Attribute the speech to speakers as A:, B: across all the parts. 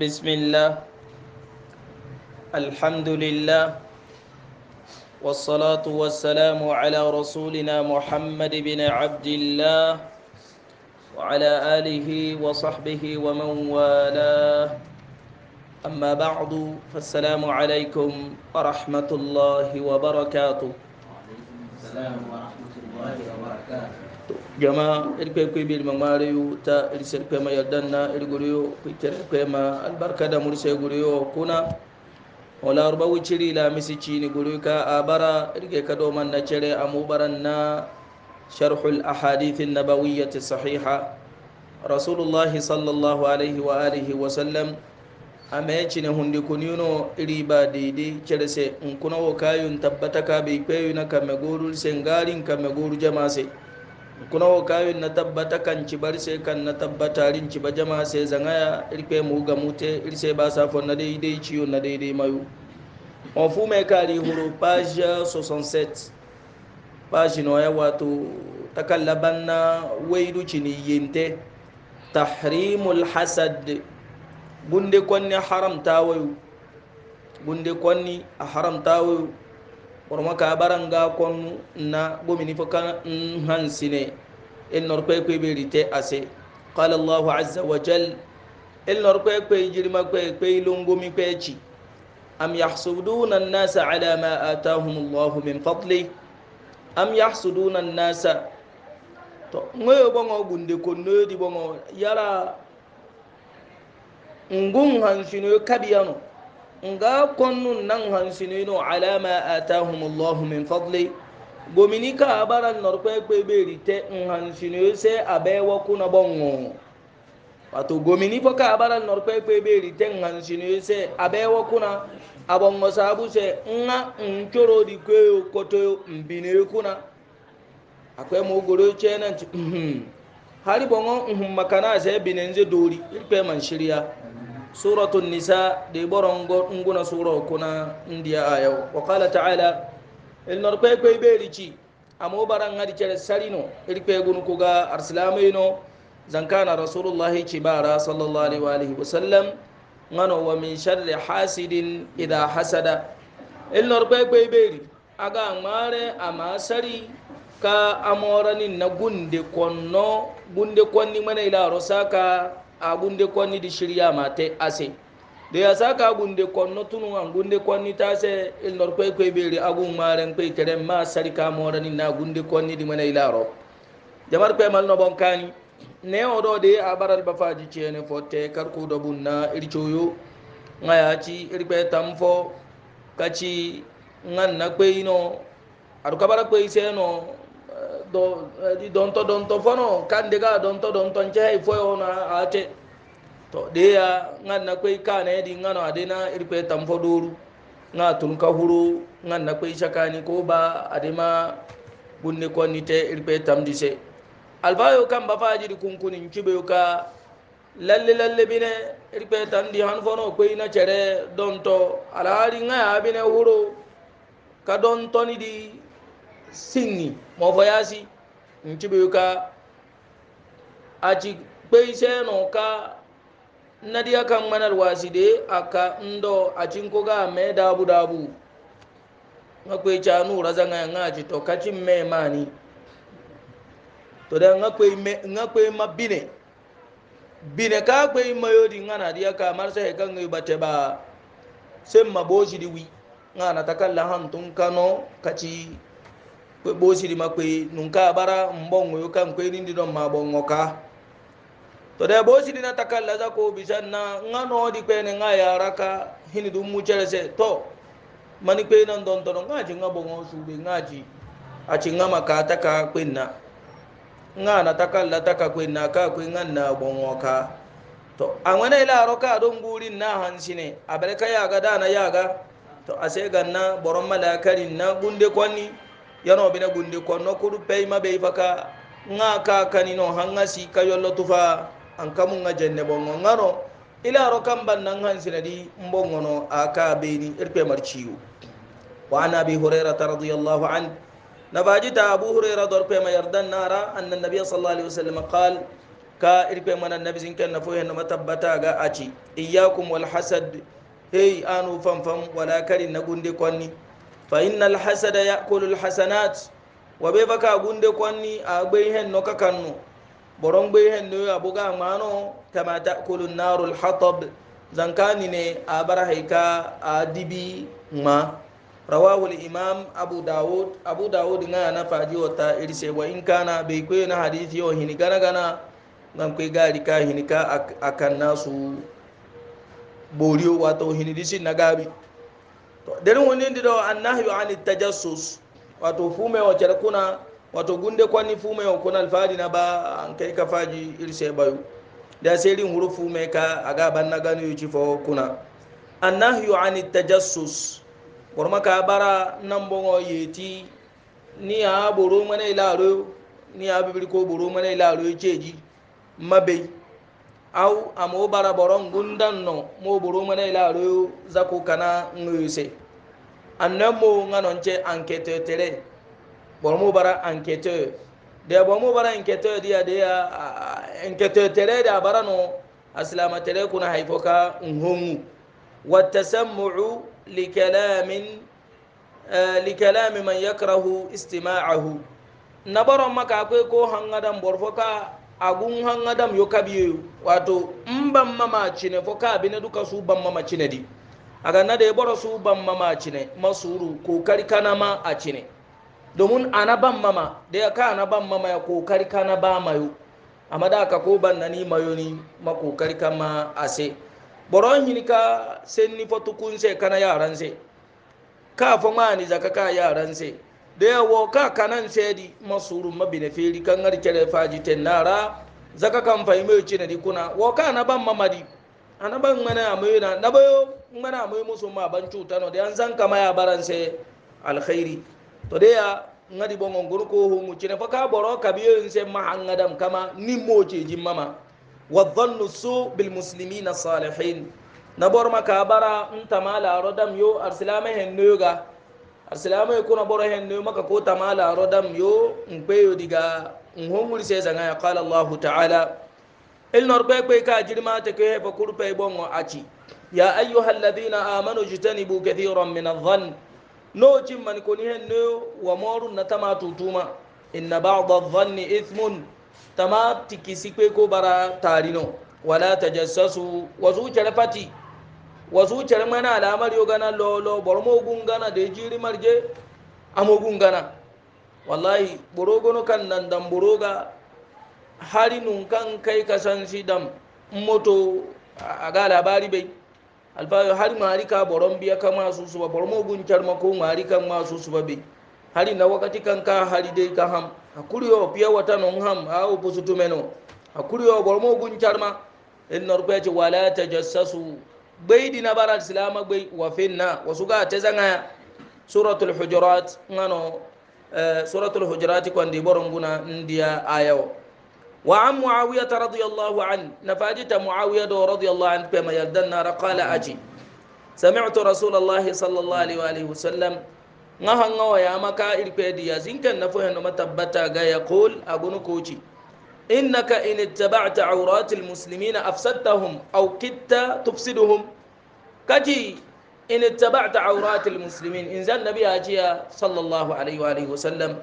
A: بسم الله الحمد لله والصلاة والسلام على رسولنا محمد بن عبد الله وعلى آله وصحبه ومن والاه أما بعد فالسلام عليكم ورحمة الله وبركاته السلام ورحمة الله وبركاته jama irkwe kwe bil mangmariyu ta irisir kwe ma yardanna irguriyo kwitir kwe ma albarka da murse guriyo kuna wala ruba wuciri la misi cini guriyo ka abara irke ka doman na cire amubaran na sharhul ahadithin nabawiyyati sahiha rasulullah sallallahu alaihi wa alihi wa sallam ame cine hundi kunino iri ba didi cire se in kuna wakayun tabbata ka bai kweyu na kamegorul sengarin kamegorul jama'se kunawo kayo na tabbata kan ci bar sai kan na tabbata rin ci ba jama sai zangaya irpe mu ga mute irse ba safon na daidai ciyo na daidai mayu on fu mai kari huru page 67 page no ya wato takallaban na waidu cini yinte tahrimul hasad gunde kwanni haramta wayo gunde kwanni a haramta wayo oroma ka baranga konnu na gomini foka hansine el norkwe kwe be rite ase qala allah azza wa jal el norkwe kwe jirma kwe kwe longomi kwe ci am yahsuduna an-nasa ala ma atahum allah min fadli am yahsuduna an-nasa to ngoyo bongo gunde konno di bongo yara ngun hansino kabiyano nga konnu nan hansinino ala ma atahum allah min fadli gomini ka bara norko egbe beri te hansino se abe wo kuna bongo wato gomini fo ka bara norko egbe beri te hansino se abe wo kuna abongo sabu se nga nkoro di kwe koto mbine kuna akwai mo goro chena hari bongo makana se binenze dori irpe man shirya suratu nisa de borongo nguna suro kuna ndiya ayo wa qala ta'ala il norpe ko iberici amo baran ngadi cere sarino il pe gunu kuga arsilamayno zankana rasulullahi cibara sallallahu alaihi wa alihi wasallam ngano wa min sharri hasidin idha hasada il norpe ko iberi aga ngare ama sari ka amoranin na gunde konno gunde konni mana ila rosaka agunde kwani di shiriya mate ase da ya saka agunde konno tunu agunde konni ta se il nor kwe kwe beri agun maren kwe kere ma sarika morani na agunde konni di mana ilaro jamar kwe mal no bonkani ne odo de abaral bafaji chene fote karku do bunna irchoyo ngaya ci irbe tamfo kaci ngan na kwe ino arukabara kwe seno do eh, donto donto fono kan ga donto donto nche ifo e ona ate to de ya ngan na kwe kane di ngano adena irpe tamfo duru nga tun ka huru ngan na kwe shakani ko ba adema bunne ko nite irpe se albayo kan ba faji di kunkunin kibe ka lalle lalle bine irpe tamdi han fono kwe na chere donto alhari nga abine bine huru ka donto ni di sinni mɔfɔyasi ntibi ka aci kpeisɛnu ka nadiya ka ŋmanal waasi de a ka ndɔ aci nko ka mɛ daabu daabu ŋa kpei ca nu razaŋa ya ŋa aci tɔ kaci mɛ maani to ŋa kpei mɛ ŋa kpei ma bine bine ka kpei mayodi ŋa nadiya ka marisa ye ka ŋa ba tɛ ba se ma boosi di wi ŋa nata ka lahan tun kano kaci kwe bosiri ma kwe nunka bara mbongo yo kan kwe nindi don ma bongo ka to da bosiri na takalla za ko bisan na ngano di kwe ne nga yara ka hini dum mu chere se to mani kwe nan don to nga ji nga bongo su be nga ji a ci nga maka ta ka kwe na nga na takalla ta ka kwe na ka kwe nga na bongo ka to an wani ila roka don gurin na hansi ne a barka yaga dana yaga to a sai ganna boron malakarin na gunde kwanni yano bina gundi konno kudu peyma ɓey nga ka kanino hanga si ka yollo tufa an kamu nga jenne bongo ngano ilaro kam bannan mbongo mbongono aka beni irpe mar ciwo wa an abi hurairata radiallahu an nabajita abu huraira dor pema yardan nara anna nabia sallallahu alaihi wasallam qal ka irpe mana nabi zinken na foyen ma tabbata ga achi iyyakum wal hasad hey anu fanfan wala karin na gundi konni fa innal hasada ya'kulul hasanat wa be baka gunde kwanni a gbe hen no kakanno boron gbe hen no abuga mano kama ta'kulun narul hatab zankani ne a bar haika a dibi ma rawahul imam abu dawud abu dawud na na faji wata irse wa in kana bai kwe na hadisi yau hini gana gana nan kwe gari ka hini ka akan nasu boriyo wato hini dishi na gabi deri wonindi ɗo annahyu ani tajassus wato fumewo cere kuna wato gunde fume fumewo kuna alfaadi na ba ankay ka faji irse bayu da seri huru fume ka aga banna ganu yuci fo kuna annahyu ani tajassus worma ka bara nambongo yeti ni a boro mana ilaro ni a bibiri ko boro mana ilaro ceji mabei aw a mo bara boro ngundan no mo boro mana ila aru zaku kana ngese anne mo nganonche enquêteur tere boro mo bara enquêteur de boro mo bara enquêteur dia de a enquêteur tere de bara no aslama tere kuna haifoka ngongu watasammu'u likalamin eh, likalami man yakrahu istima'ahu na boro maka ko hangadan borfoka agun han adam yo kabiye wato in ban mamaci ne fo ka bi ne duka su ban mamaci ne di aga na da ya bora su ban mamaci ne masuru kokari kana ma a ci ne domin ana ban mama da ya ka ana ban mama ya kokari kana ba mayo amma da ka ko ban na ni mayo ni ma kokari kama a se boron yin ka sen ni fo se kana yaran se ka fo ma ni zaka ka yaran se da yawo ka kanan sai di masuru mabine feri kan har kere faji tenara zaka kan fahimai ci na dikuna wo ka na ban mamadi ana ban mana amoyi na na bayo mana amoyi musu ma ban cuta no da yan zan kama ya baran sai alkhairi to da ya ngadi bongo ngurko hu mu ci na fa ka boro ka biyo in sai ma hangadam kama ni mo ce jin mama wa dhannu su bil muslimina salihin na bor maka bara in tamala rodam yo arsilama hen noyoga arsilama ya kuna bora hen ne maka ko tamala rodam yo mpe yo diga nhongul se zanga ya qala allah ta'ala il norbe kwe ka jirma ta ke fa kurpe bongo aci ya ayyuhal ladina amanu jitanibu kathiran min adh-dhann no cimman koni hen ne wa morun na tama tutuma inna ba'd adh-dhanni ithmun tama tikisi kwe ko bara tarino wala tajassasu wa zucere fati wasu cer mana alamar yo gana lolo bormo gungana da jiri marje amo gungana wallahi borogono kan nan dan buruga, hari nun kan kai kasan si dam moto aga labari bai alfayo hari marika ka boron biya kama su su ba bormo gun cer ma ko mari kan ma su ba bai hari na wakati kan ka hari dai ka ham hakuri yo piya wata non ham a opusutu meno hakuri yo bormo gun cer ma in norkwaci wala tajassasu gbei dina bara silama gbei wafinna wasuga tezanga suratul hujurat ngano suratul hujurat kwandi boronguna ndia ayawo wa an muawiyata radiyallahu an nafajita muawiya do radiyallahu an pema yaldan nara qala aji sami'tu rasulallahi sallallahu alaihi wa alihi wasallam ngaha ngawa ya maka irpedi ya zinkan nafu hanu matabbata ga yaqul agunu kochi إنك إن اتبعت عورات المسلمين أفسدتهم أو كدت تفسدهم kati in taba'ta auratul muslimin in zan nabi ajiya sallallahu alaihi wa alihi wasallam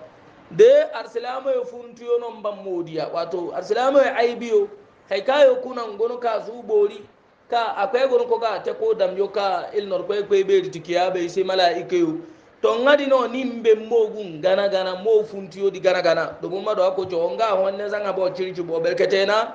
A: de arsilama yo funtuyo non ban modiya wato arsilama yo aibiyo hay kayo kunan gono ka su bori ka akwai gono ko ka ta ko dam yo ka il nor kwe kwe be tikiya be sai malaika yo to ngadi no nimbe mogun gana gana mo yo di gana gana do mun do ko jo nga wonne zanga bo chirchi bo berketena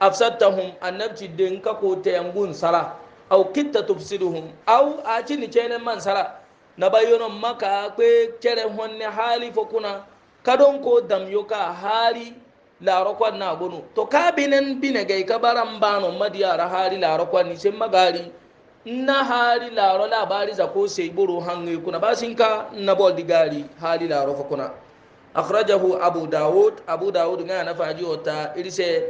A: afsatahum annabti den ka ko te yangun sala aw kitta tufsiduhum aw a cini cene mansara na bayono maka kwe kere honne hali fokuna kadon ko damyo ka hali larokwan na gunu to ka binen bine gai ka baran bano madiyara hali larokwan ni sai magari na hali laro labari za ko sai buru hannu kuna basin na bol digari hali laro fokuna akhrajahu abu daud abu daud ga na faji wata irse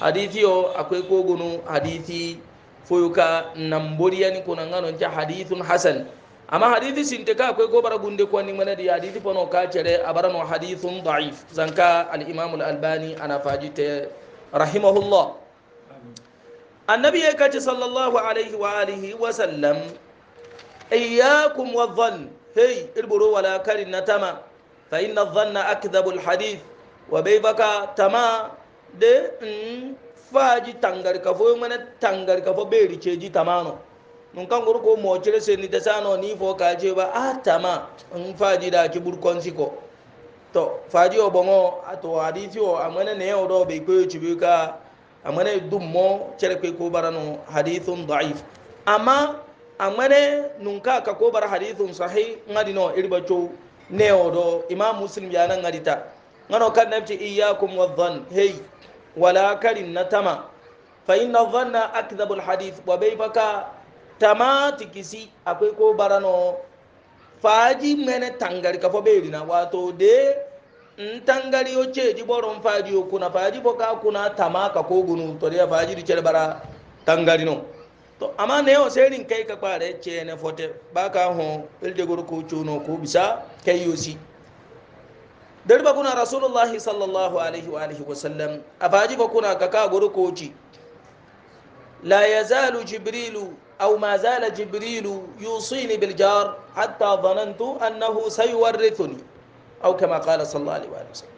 A: hadithi yo akwai kogunu hadithi foyuka namboriyani kono ngano nca hadithun hasan ama hadithi sinteka kwe akwai bara gunde ni mana di hadithi pono ka abarano hadithun da'if zanka al-imam al-albani ana fajite rahimahullah النبي يكاتي صلى الله عليه wa وسلم إياكم sallam هي البرو ولا hey irburu فإن الظن أكذب الحديث وبيبك تما dhanna hadith tama de faji tangar kafo mana tangar kafo be rice ji tamano nun kan gurko mo cire se ni tasano ni fo ka je ba ah, a tama in faji da ki burkon siko to faji o bongo to hadisi o amana ne o do be ko ci be ka amana dum mo cire ko ko barano hadithun da'if amma amane nun ka ka ko bar hadithun sahih ngadi no irba cho ne o do imam muslim ya nan ngadi ta ngano kan nabti iyyakum wadhann hey ولا كرن تما فإن الظن أكذب الحديث وبيفك تما تكسي أكويكو برانو فاجي من تنغري كفو بيرنا واتو دي ntangari yo ceji boron faji yo kuna faji boka kuna tama ka ko gunu to da faji di bara tangari no to amma ne yo serin kai ka kware ce ne fote baka ho ilde gurku cuno ko bisa kai yosi دربا كنا رسول الله صلى الله عليه وآله وسلم أفاجي كنا كاكا غروكوجي لا يزال جبريل أو ما زال جبريل يوصيني بالجار حتى ظننت أنه سيورثني أو كما قال صلى الله عليه وآله وسلم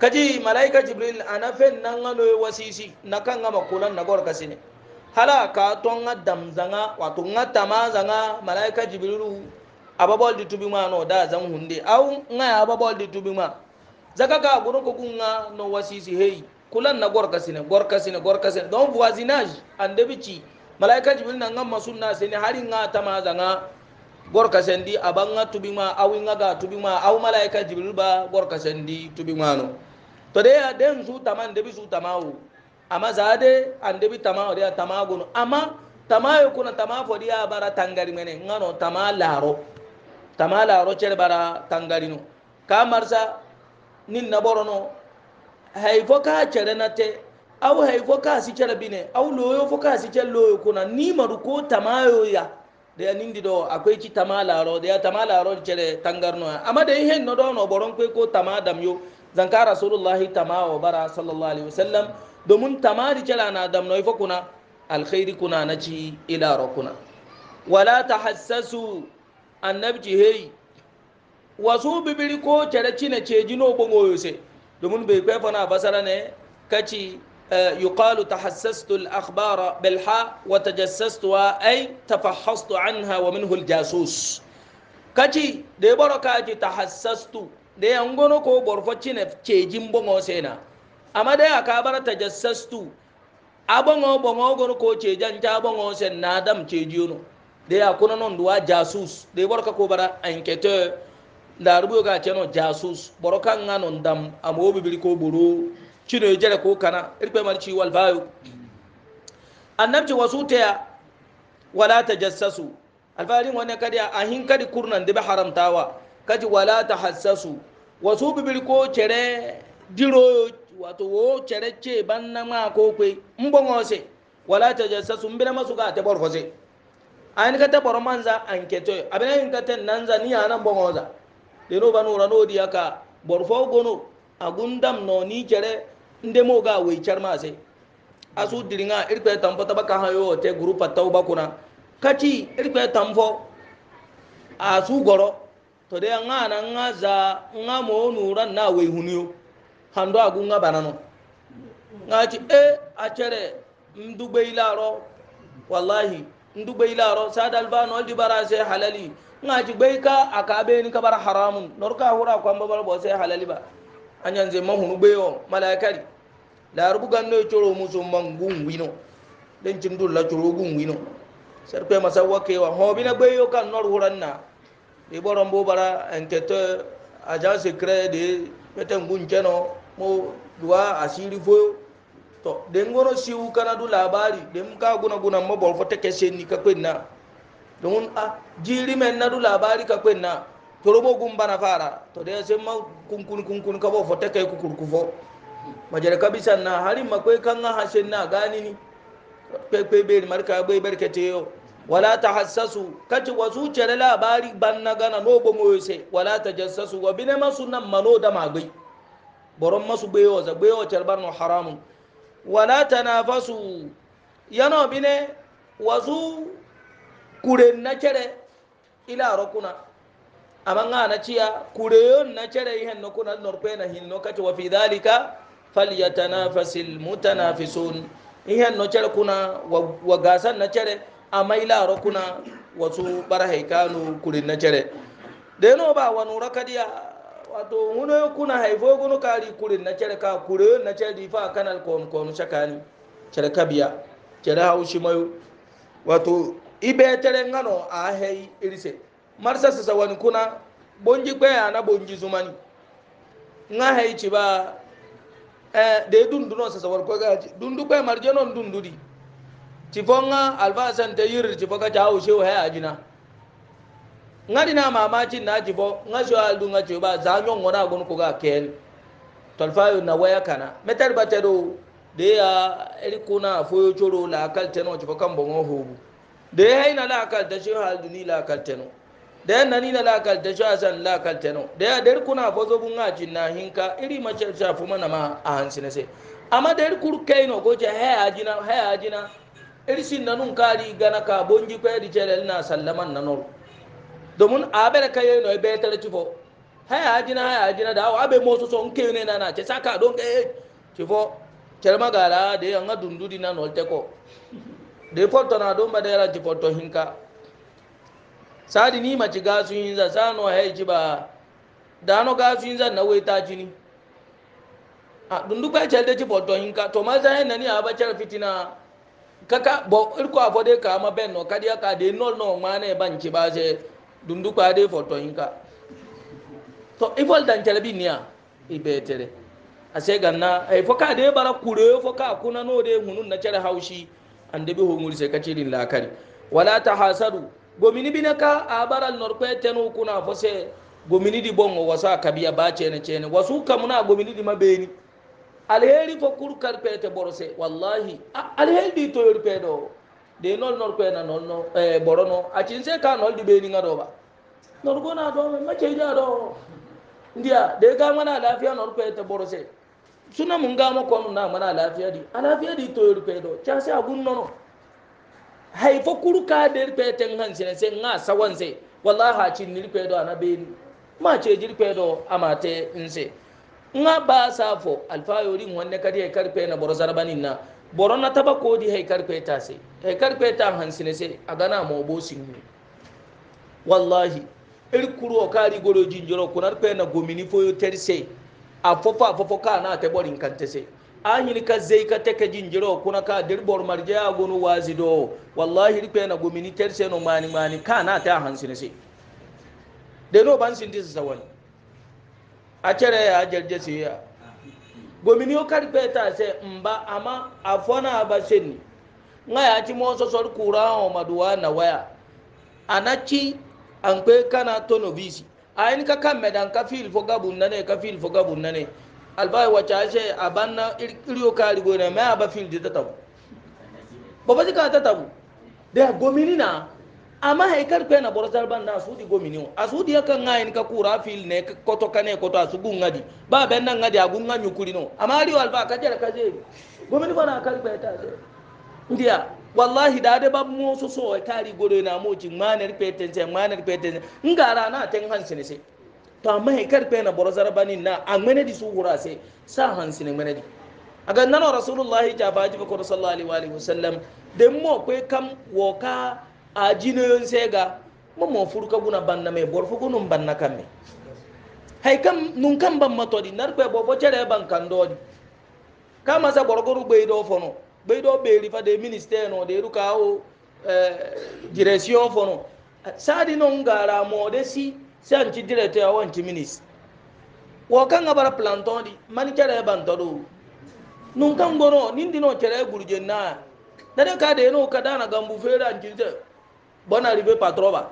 A: kaji malaika jibril ana fen nanga no wasisi nakanga makulan nagor kasine hala ka tonga damzanga watu nga tamazanga malaika jibrilu ababol di tubi ma no da zan hunde au nga ababol di tubi ma zaka ka gurun ko kunga no wasisi hey kulan na gorka sine gorka sine gorka sine don voisinage ande bici malaika jibril na ngamma sunna sine hari nga tama zanga gorka sendi abanga tubi ma au nga ga tubi ma au malaika jibril ba gorka sendi tubi ma no to de den su tama ande bi su tama o ama zade ande bi tama o de tama gono amma tama yo kuna tama fodi bara tangari mene ngano tama laro tamala rocher bara tangarino ka marsa nin na borono haifo ka chere na te aw haifo ka si chere bine aw loyo fo ka si chere loyo kuna ni maru ko tamayo ya da ya nindi do akwai ci tamala ro da ya tamala ro chere tangarno amma da ihe no do no boron kwe ko tamadam yo zanka rasulullahi tamawo bara sallallahu alaihi wasallam domin tamari chere na dam no ifo kuna alkhairi kuna na ila ro wala tahassasu annabci heyi wasu bibiri ko cere cine ceji no bongo yose domin bai kai fana basara ne kaci eh, yuqalu tahassastu al-akhbara bil ha wa tajassastu ay tafahhastu anha wa minhu al-jasus kaci de baraka ji tahassastu de yangono ko borfo cine ceji bongo sena amma dai aka bar tajassastu abongo bongo goro ko cejan ta bongo sen na adam ceji no de akuna non duwa jasus de borka ko bara enquêteur da rubu ga cheno jasus boroka ngano ndam amo bibili ko buru chino jere ko kana irpe mar ci wal bayu annabci wasu taya wala tajassasu alfarin wani kadi a hin kadi kurnan da bi haramtawa kaji wala tahassasu wasu bibili ko chere diro wato wo chere ce banna ma ko kwe mbongo se wala tajassasu mbira masu ga te borfose ayin kate boro manza anketo abina yin kate nanza ni ana bongoza deno ba nura no diya ka boro fo gono a agundam no ni kere nde mo ga we charma diri nga diringa irpe tampo tabaka hayo te guru tauba kuna kaci irpe tampo asu goro to de nga na nga za nga mo nura na we hunio hando agunga banano nga ci e eh, a achere ndugbe ilaro wallahi ndu bai laro sadal ba no di bara sai halali nga ji bai ka akabe ni kabar haramun norka hura kwan babar bo sai halali ba anyan zai mahunu bai yo malaikari la rubu ganno e choro musu mangun wino den cin la choro gun wino sarpe masa wake wa ho bina bai yo kan nor huranna e boron bo bara enketo aja secret de peten gun keno mo duwa asiri foyo to den goro siwu kana du labari den ka guna guna mo bol fo teke senni ka kwenna don a jiri men na du labari ka kwenna torobo gumba na fara to de se ma kun kun ka bo fo teke ku kurku fo majere kabisa na hari makwai kan ha senna gani ni pepe be marka be barkete yo wala tahassasu kace wasu cere labari ban na gana no bo moyo se wala tajassasu wa bine masu nan mano da magai boron masu beyo za beyo cerbar no haramun wala tanafasu yano bine wasu kure na cere ila rokuna amma nga na ciya kure yon na cere ihen no kuna norpe na hin no kati wa fi dhalika falyatanafasil mutanafisun ihen no cere kuna wa gasan na cere amma ila rokuna wasu barahai kanu kure na cere da yano ba wani rakadiya wato huno kuna haifo gono kari kure na cere ka kure na cere difa kanal kon kon shakani cere kabiya cere haushi mayo wato ibe tere ngano a hei irise marsa sasa wani kuna bonji kwe ana bonji zumani nga hei chiba eh de dundu no sasa wal ko ga dundu kwe marjeno dundu di tifo nga alfa san te yir tifo ka chawo hei ajina ngadi na mamaci na jibo ngaso aldu ngacho ba za nyon ngona gon ko ga ken tolfayo na waya kana metar ba de ya eri kuna foyo choro la kal teno jibo kan bongo hobu de hayna la kal da shi haldu ni la kal teno de na ni la kal da shi asan la kal teno de ya der kuna fozo bunga jinna hinka iri mace sha fu mana ma a hansine se amma der kur kaino goje haya ajina haya ajina iri sin nanun kali gana ka bonji ko edi chelel na sallaman nanoro domin abin ka yi no ibe e tare tifo haya ajina haya ajina da awa abe mo so nke ne na na ce saka don ga tifo kelma gara da yan ga dundudi na no teko de porto na don ba yara ji hinka sadi ni ma ci gasu yin za sano hai ji ba da no gasu yin za na wai ta jini a dundu ba ce da ji porto hinka to ma za na ni a ba cer fitina kaka bo irko afode ka ma ben no kadiya ka de no no mane ne ban ci ba je dunduko ade foto yinka to ifol dan jalabi niya ibetere ase ganna ay e, foka de bara kure foka kuna no de hunun na cere haushi ande be hongul se kacirin lakari wala tahasadu gomini binaka abaral norpe tenu kuna fose gomini di bongo wasa kabiya ba cene cene wasu kamuna gomini di mabeni alheri fo kur karpete borose wallahi alheri di toyor pedo de nol norpe na nol no eh borono acin se ka nol di beni ngadoba norgo na do ma ce da do ndiya da ga mana lafiya norgo ya taboro sai suna mun ga mako nun na mana lafiya di a di to rufe do cha sai agun nono haifo kuruka da rufe ten han sai sai nga sawan sai wallahi ha cin ni rufe do ana be ma ce ji rufe do amate in sai nga ba sa fo alfayori wanne kadi ya karfe na boro zarbanin na boro na taba kodi hay karfe ta sai hay karfe ta han sai sai a gana mo bo sin wallahi iri kuru o kari goro jinjoro kunar pe na gomini foyo terse afofo afofo ka na te borin kan tese anyini ka zai ka teke jinjiro kuna ka dirbor marje a gonu wazi do wallahi ripe na gomini terse no mani mani ka na ta hansine se de no ban sin disa wani a cere ya jarje se ya gomini o kari pe ta se mba ama afona abaseni nga ya ti mo so kura o maduwa na waya anachi an kwe kana tono bisi ayin ka kan medan ka fil fo gabun nane ka fil fo gabun nane albay wacha she abanna iriyo ka rigo na ma ba fil dita tabu baba ka ta tabu da gomini na amma haikar kwe na borosar ban na asudi gomini o asudi ya kan ayin ka kura fil ne koto kane koto asugun ngadi ba ben nan ngadi agun nganyukuri no amma riyo alba ka jara ka je gomini bana kar kwe ta je ndiya wallahi da da ba mu so so tari godo na mo ji manar peten sai manar peten ngara na tan hansi ne sai to amma he karfe na borazar bani na amene di su hura sai sa hansi ne mene di aga nan rasulullah ja baji ko sallallahu alaihi wasallam dem mo kwe kam woka a jinoyon sai ga mo mo furka guna banna me borfu gunun banna kan me hay kam nun kan ban matodi nar kwe bobo jere ban kan dodi kama sa borgoru gbe do fono bai do be rifa de ministère no de ruka o direction fono sadi non gara mo de si san ci directeur wan ci ministre wo kan ga bara planton di man kere ban do nun kan gono nindi no kere gurje na da de ka de no ka dana gambu fera an ci de bona rive patroba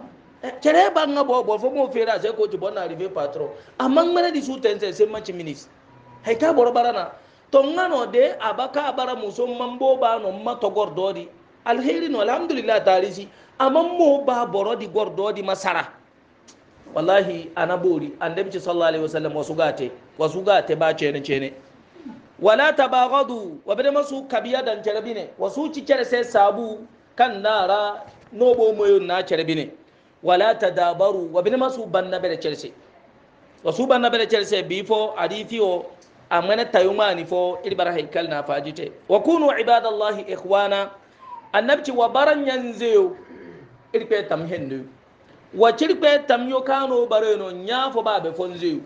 A: kere eh, ban ga bo bo fo mo fera se ko ci bona rive patro amma ngana di su tense se ma ci to ngano de abaka bara muso mambo ba no matogor dodi alheri no alhamdulillah tarisi amammo ba boro di gor dodi masara wallahi anabori annabi sallallahu alaihi wasallam wasu gate ba cene cene wala tabaghadu wa bada masu kabiya dan cerebine wasu cikere sai sabu kan nara nobo moyo na cerebine wala tadabaru wa bada masu banna bada cerse wasu banna bada cerse bifo adifiyo amana tayumani fo ilbara haikal na fajite wa kunu ibadallahi ikhwana annabci wa baran yanzeyo irpe tam hendu wa cirpe tam yo kano bareno nyafo babe fonzeyo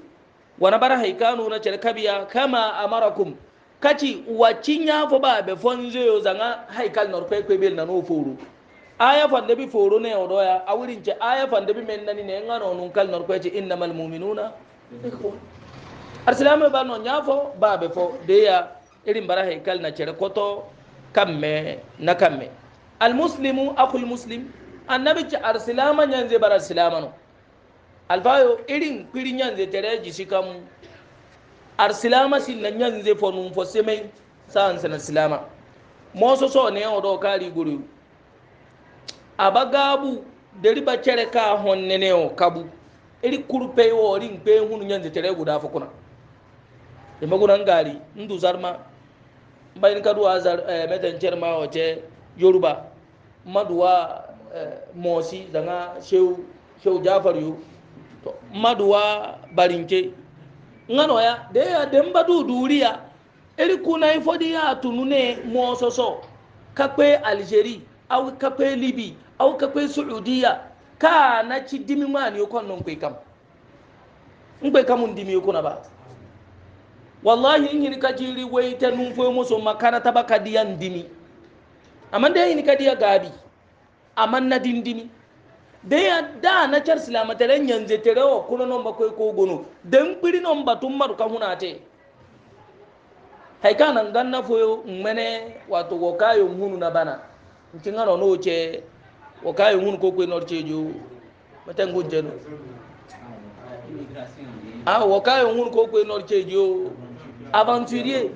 A: wana bara haikanu na cerkabiya kama amarakum kaci wacci nyafo babe fonzeyo zanga haikal norpe kwebel na no foru aya fande bi foro ne odoya awirin ce aya fande bi men nani ne ngano nun kal norpe ce innamal mu'minuna ikhwana arsilamai ba no nyafo ba be fo de ya irin bara haikal na cere koto kamme na kamme Muslimu akul muslim annabi ci arsilama nyanze bara arsilama no alfayo irin pirin nyanze tere jisi kam arsilama si na nyanze fo num fo semai san san arsilama moso so ne odo kari guru abagabu deri ba cere ka honne ne o kabu iri kurpe wo rin pe hunu nyanze tere guda fo kuna da magunan gari ndu zarma bayin kaduwa zar eh, metan cerma wace yoruba maduwa eh, mosi danga shew shew jafar yu to maduwa barinke ngano ya de ya demba du duriya eri kuna ifodi ya tunune mososo kakwe algeria au kakwe libi au kakwe saudiya ka na ci dimi ma ni ko non kwe kam nkwe kamun dimi ko ba wallahi in hini kajiri wai ta numfo musu makarata ba kadiyan dini amma da hini kadiya gabi amma na dindini da ya da na char silamataren yanzu tere wa kuna nan bakwai ko gono don kuri nan batun maruka huna te haika nan gan na foyo mene wato wakayo hunu na bana kin gano no ce wakayo hunu ko kwai norce jo matan gunjeno a ah, wakayo hunu ko kwai norce jo aventurier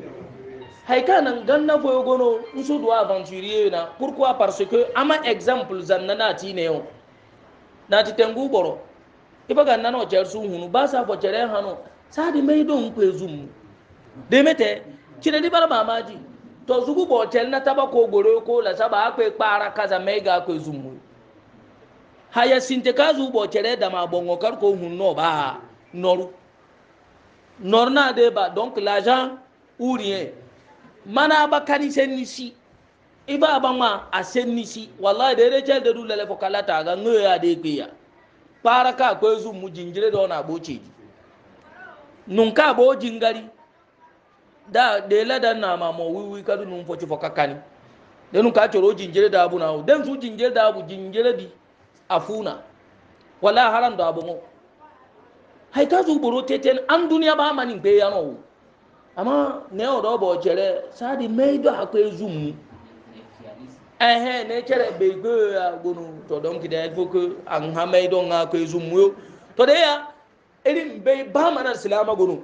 A: haika nan ganna foyo gono nso do aventurier na pourquoi parce que ama exemple zanna na ti ne yo na ti tengu boro ifa ga nana ojer su hunu ba sa fochere ha no sa di mai don ku ezum de mete kire di bara mamaji to zugu bo tel na tabako goro ko la saba akpe kpara kaza mai ga ku ezum haya sinte kazu bo chere da ma bongo kar ko hun no ba noru norna de ba donc l'agent ou rien mana ba kani nisi iba ba ma a sen nisi wallahi de de chel de dul le fokala ta ga ngoy ya de gbiya para ka ko zu mu jingire do na boce di nun ka bo jingari da de la da na ma mo wi wi ka du nun foci fokakani de nun ka choro jingire da abu na den su jingire da abu jingire di afuna wala haram da abu Haita ta zuburu teten an duniya ba mani gbe ya no amma ne o do bo jere sadi meido akwe zumu ehe ne kere be gbe ya gonu to don kida foko an ha meido nga akwe zumu yo to de ya irin be ba mana silama gonu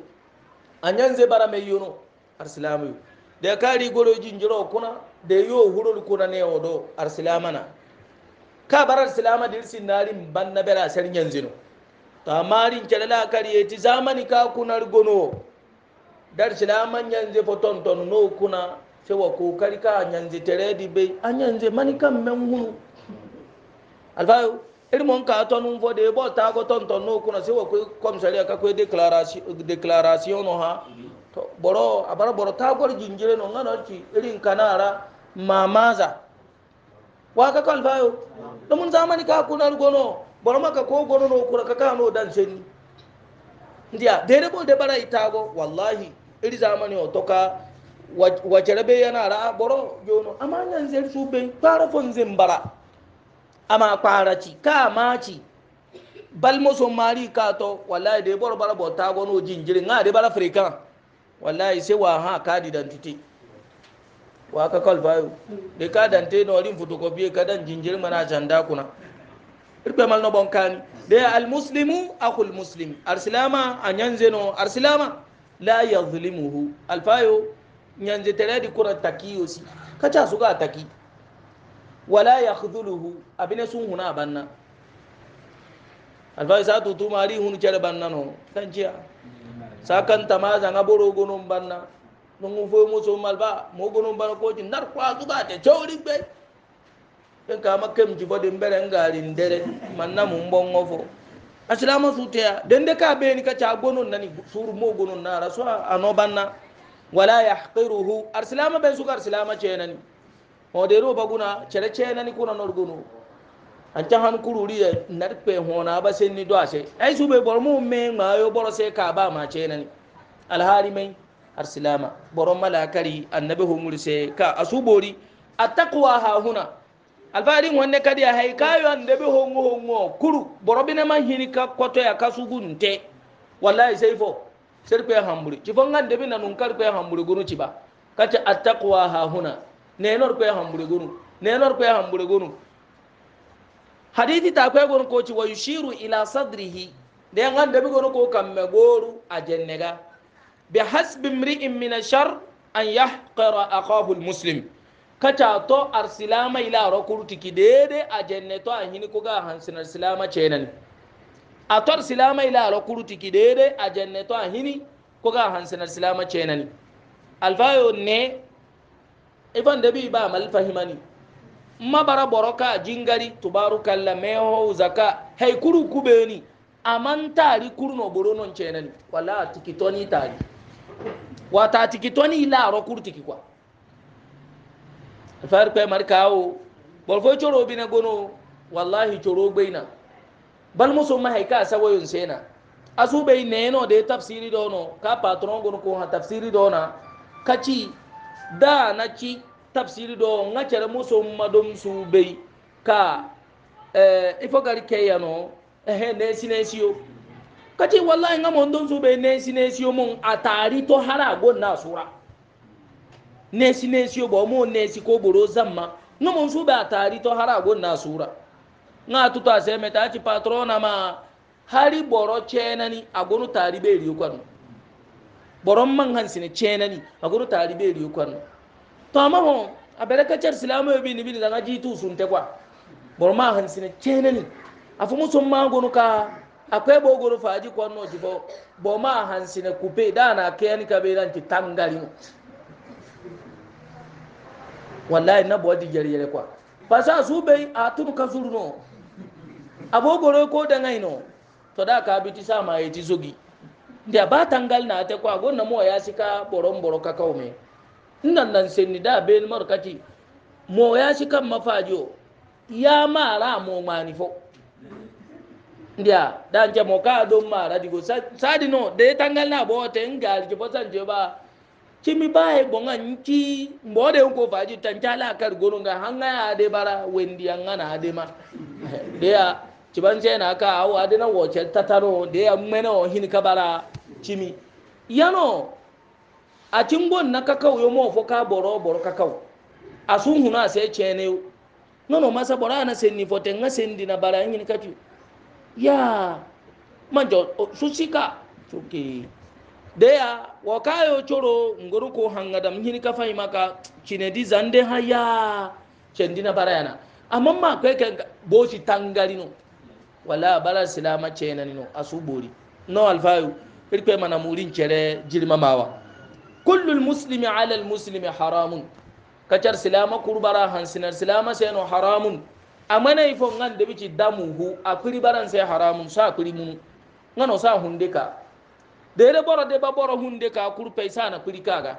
A: anyan ze bara me yono arsilama yo da kari goro jinjiro kuna da yo hurul kuna ne odo arsilama na ka bar arsilama dirsin narin ban na bera sar yanzu no tamarin calala kariyeti zamani ka kunar gono dar silaman yanzu foton ton no kuna cewa kokari ka yanzu tere di bai an yanzu mani kan men hunu alfayo irin mon ka ton fo de bo ta go ton no kuna cewa ko komsari ka ko declaration declaration no ha to boro abara boro ta gor jinjire no ngana ci irin kanara mamaza wa ka kalfayo domin zamani ka kunar gono boroma ka ko gono no kura ka kano dan seni ndiya dere bo de bara itago wallahi iri zamani o toka wajarebe yana ra boro jono amma nan zer su be para fon zimbara amma para ci ka ma ci bal moso mari ka to wallahi de boro bara bo tago no jinjiri nga de bara afrika wallahi sai wa ha ka di dan titi wa ka kalbayo de ka dan te no rin photocopy ka dan jinjiri mana janda kuna irkwe mal no bonkani de al muslimu akhul muslim arsilama anyanze no arsilama la yadhlimuhu alfayo nyanze tere di kura takiyo si kacha suka taki wala yakhdhuluhu abine sun huna banna alfayo sa tutu mari hunu cere banna no tanjiya sakan tamaza ngaboro gonon banna nungu fo muso malba mo gonon banna ko jin kwa suka te chori gbe ke kama kem jifo din bere ngari ndere manna mun bon ngofo asilama su teya den de ka be ni ka ca gonon nani suru mo gonon na rasu anobanna wala yahqiruhu arsilama ben su arsilama ce nani o de ro baguna cere ce nani kuna norgono an ta han kururi ya narpe hona ba sen ni do ai su be bor mu me ma yo bor se ka ba ma ce nani alhari mai arsilama boron malakari annabi humurse ka asubori attaqwa ha huna alfaari ŋonne kadi a hay kayo andeɓe hongo hongo kuru borobinema hini ka kotoya ka sugunte wallahi sey fo ser kue hamburi ci fo ngandeɓe nanun kar kue hamburi gonu ciɓa kati attaqwa ha huna nenor kue hamburi gonu nenor kue hamburi gonu hadithi ta kue gonu koci wa yushiru ila sadrihi de ngandeɓe gonu ko kamme goru a jennega bi hasbi mri'in min ashar an yahqira akahu lmuslim kaca to arsilama ila rokurtiki dede a janneto a hini kuga hansinar silama cenani a to arsilama ila rokurtiki dede a janneto a hini kuga hansinar silama cenani alfayo ne ifan da bi ba mal fahimani mabara boroka jingari tubaru kalla meho zaka hay kuru kubeni aman tari kurno boronon cenani wala tikitoni tari wata tikitoni ila rokurtiki kwa far kwe markawo bolfo choro bina gono wallahi choro gbeina bal muso ma haika sawoyon sena asu bai neno de tafsiri dono ka patron gono ko ha tafsiri dona kaci da na ci tafsiri do ngacere muso madum su bai ka eh ifo gari keyano ehe nesi nesiyo kaci wallahi ngamon don su bai nesi nesiyo mun atari to hara gonna sura nesi nesi ogbo mu nesi ko gboro zamma numun su ba tari to hara gon na sura nga tutu ase meta ci patrona ma hari boro chenani agonu tari be riyo kwanu boro man hansine chenani agonu tari be riyo kwanu to amma ho abere ka cer silamo bi ni bi daga ji tu sun te kwa boro ma hansine chenani afu mu sun ma gonu ka akwai bo gonu faji kwanu ji bo bo ma hansine kupe dana na ka be ran ti tangarino wallahi na bodi yare yare kwa ba sa su bai a ah, tun ka zuru no abogoro ko da ngai no to da ka biti sa ma yiti zogi da ba tangal na ta kwa gonna mo ya sika boron boro ka kaume nan nan sen ni da be mar kati mo ya sika mafajo ya mara mo mani fo ndia dan je mo ka do mara digo sadi no de tangal na bo te ngal je bo san je ba kimi baye bonga nki mbode ko faji tancala kar gonunga hanga ya ade bara wendi yanga na ade ma deya cibanse na ka awo ade na woce tataro deya meno hin kabara cimi yano a cingon na kakau yo mo foka boro boro kakau a sun huna sai cene nono masa bora na senni fote nga sendi na bara hin kaci ya manjo susika suke okay deya wa kayo coro ngoro ko hangadam hini ka fahima ka cinedi zande haya cendina barayana amma ma kwe ke boci tangari no wala bala silama cenani no asu no alfayu irkwe mana murin cere jirma mawa kullul muslimi ala almuslimi haramun kacar silama kurbara hansinar silama seno haramun amana ifo ngan debici damuhu akuri baran sai haramun sa akuri munu ngano sa hundeka dere boro de ba hunde ka kur paisa na piri kaga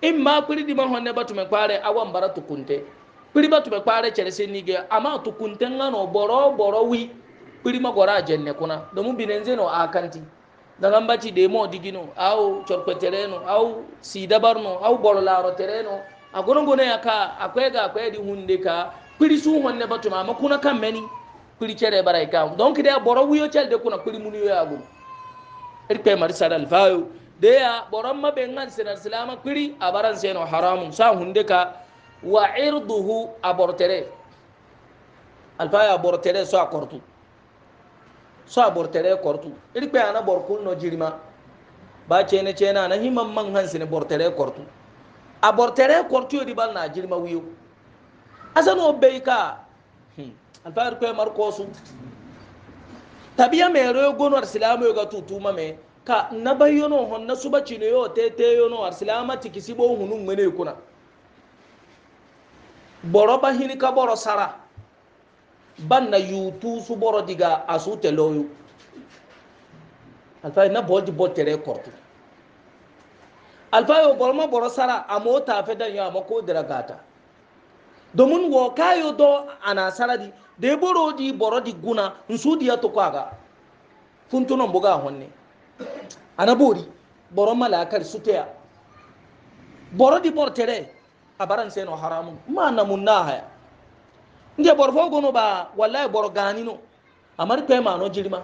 A: imma kuri di ma honne batu me kware awan bara tukunte kuri batu me kware chere se nige ama tukunte ngano boro boro wi piri ma gora jenne kuna domun binenze no akanti daga mbaci demo digino aw corko tereno aw sidabarno au boro laro tereno agonongone aka akwega akwedi hunde ka piri su honne batuma ma kuna kammeni kuri chere bara ikam donc de boro wiyo chelde kuna piri muniyo agun irpe mari sadal fayo deya boron mabe ngan sinar silama kuri a baran sai no haramun sa hunde ka wa irduhu abortere alfaya abortere so akortu so abortere kortu irpe ana borkul no jirma ba chene chene ana himman man han sin bortere kortu abortere kortu yodi bal na jirma wiyo asano beika hmm. alfaya irpe mar kosu tabiya mai rayo gono arsilama yo ga tutuma me ka na bayyono hon na suba cino yo tete yo no arsilama tiki sibo hunun mene kuna boro bahini ka boro sara ban na yutu su boro diga asu teloyo alfa na bolti botere kortu alfa yo boro ma boro sara amo fe dan yo amo dira gata domin wo kayo do ana saradi de boro di boro di guna nsudi ya to kwaga funtunon buga honne ana bori boro malakar suteya boro di tere a baran seno haramun ma na munna haya nde boro fo gono ba wallahi boro ganino amar pe ma no jirma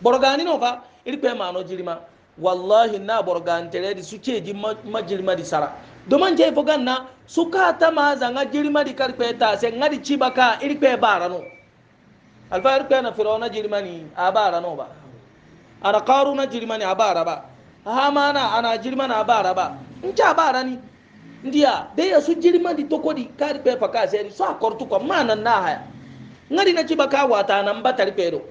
A: boro ganino fa iri pe ma no jirma wallahi na boro gantere di suke di majirma di sara domin jai fogan na suka ta ma zanga jirma di karfe ta se ngadi cibaka irpe barano alfa irpe na firawna jirmani a barano ba ana qaruna jirmani a bara ba hamana ana jirmani a bara ba in ca barani ndiya de ya su jirmani to kodi karfe fa ka se so akortu ko manan na haya ngadi na cibaka wata nan ba tarfe do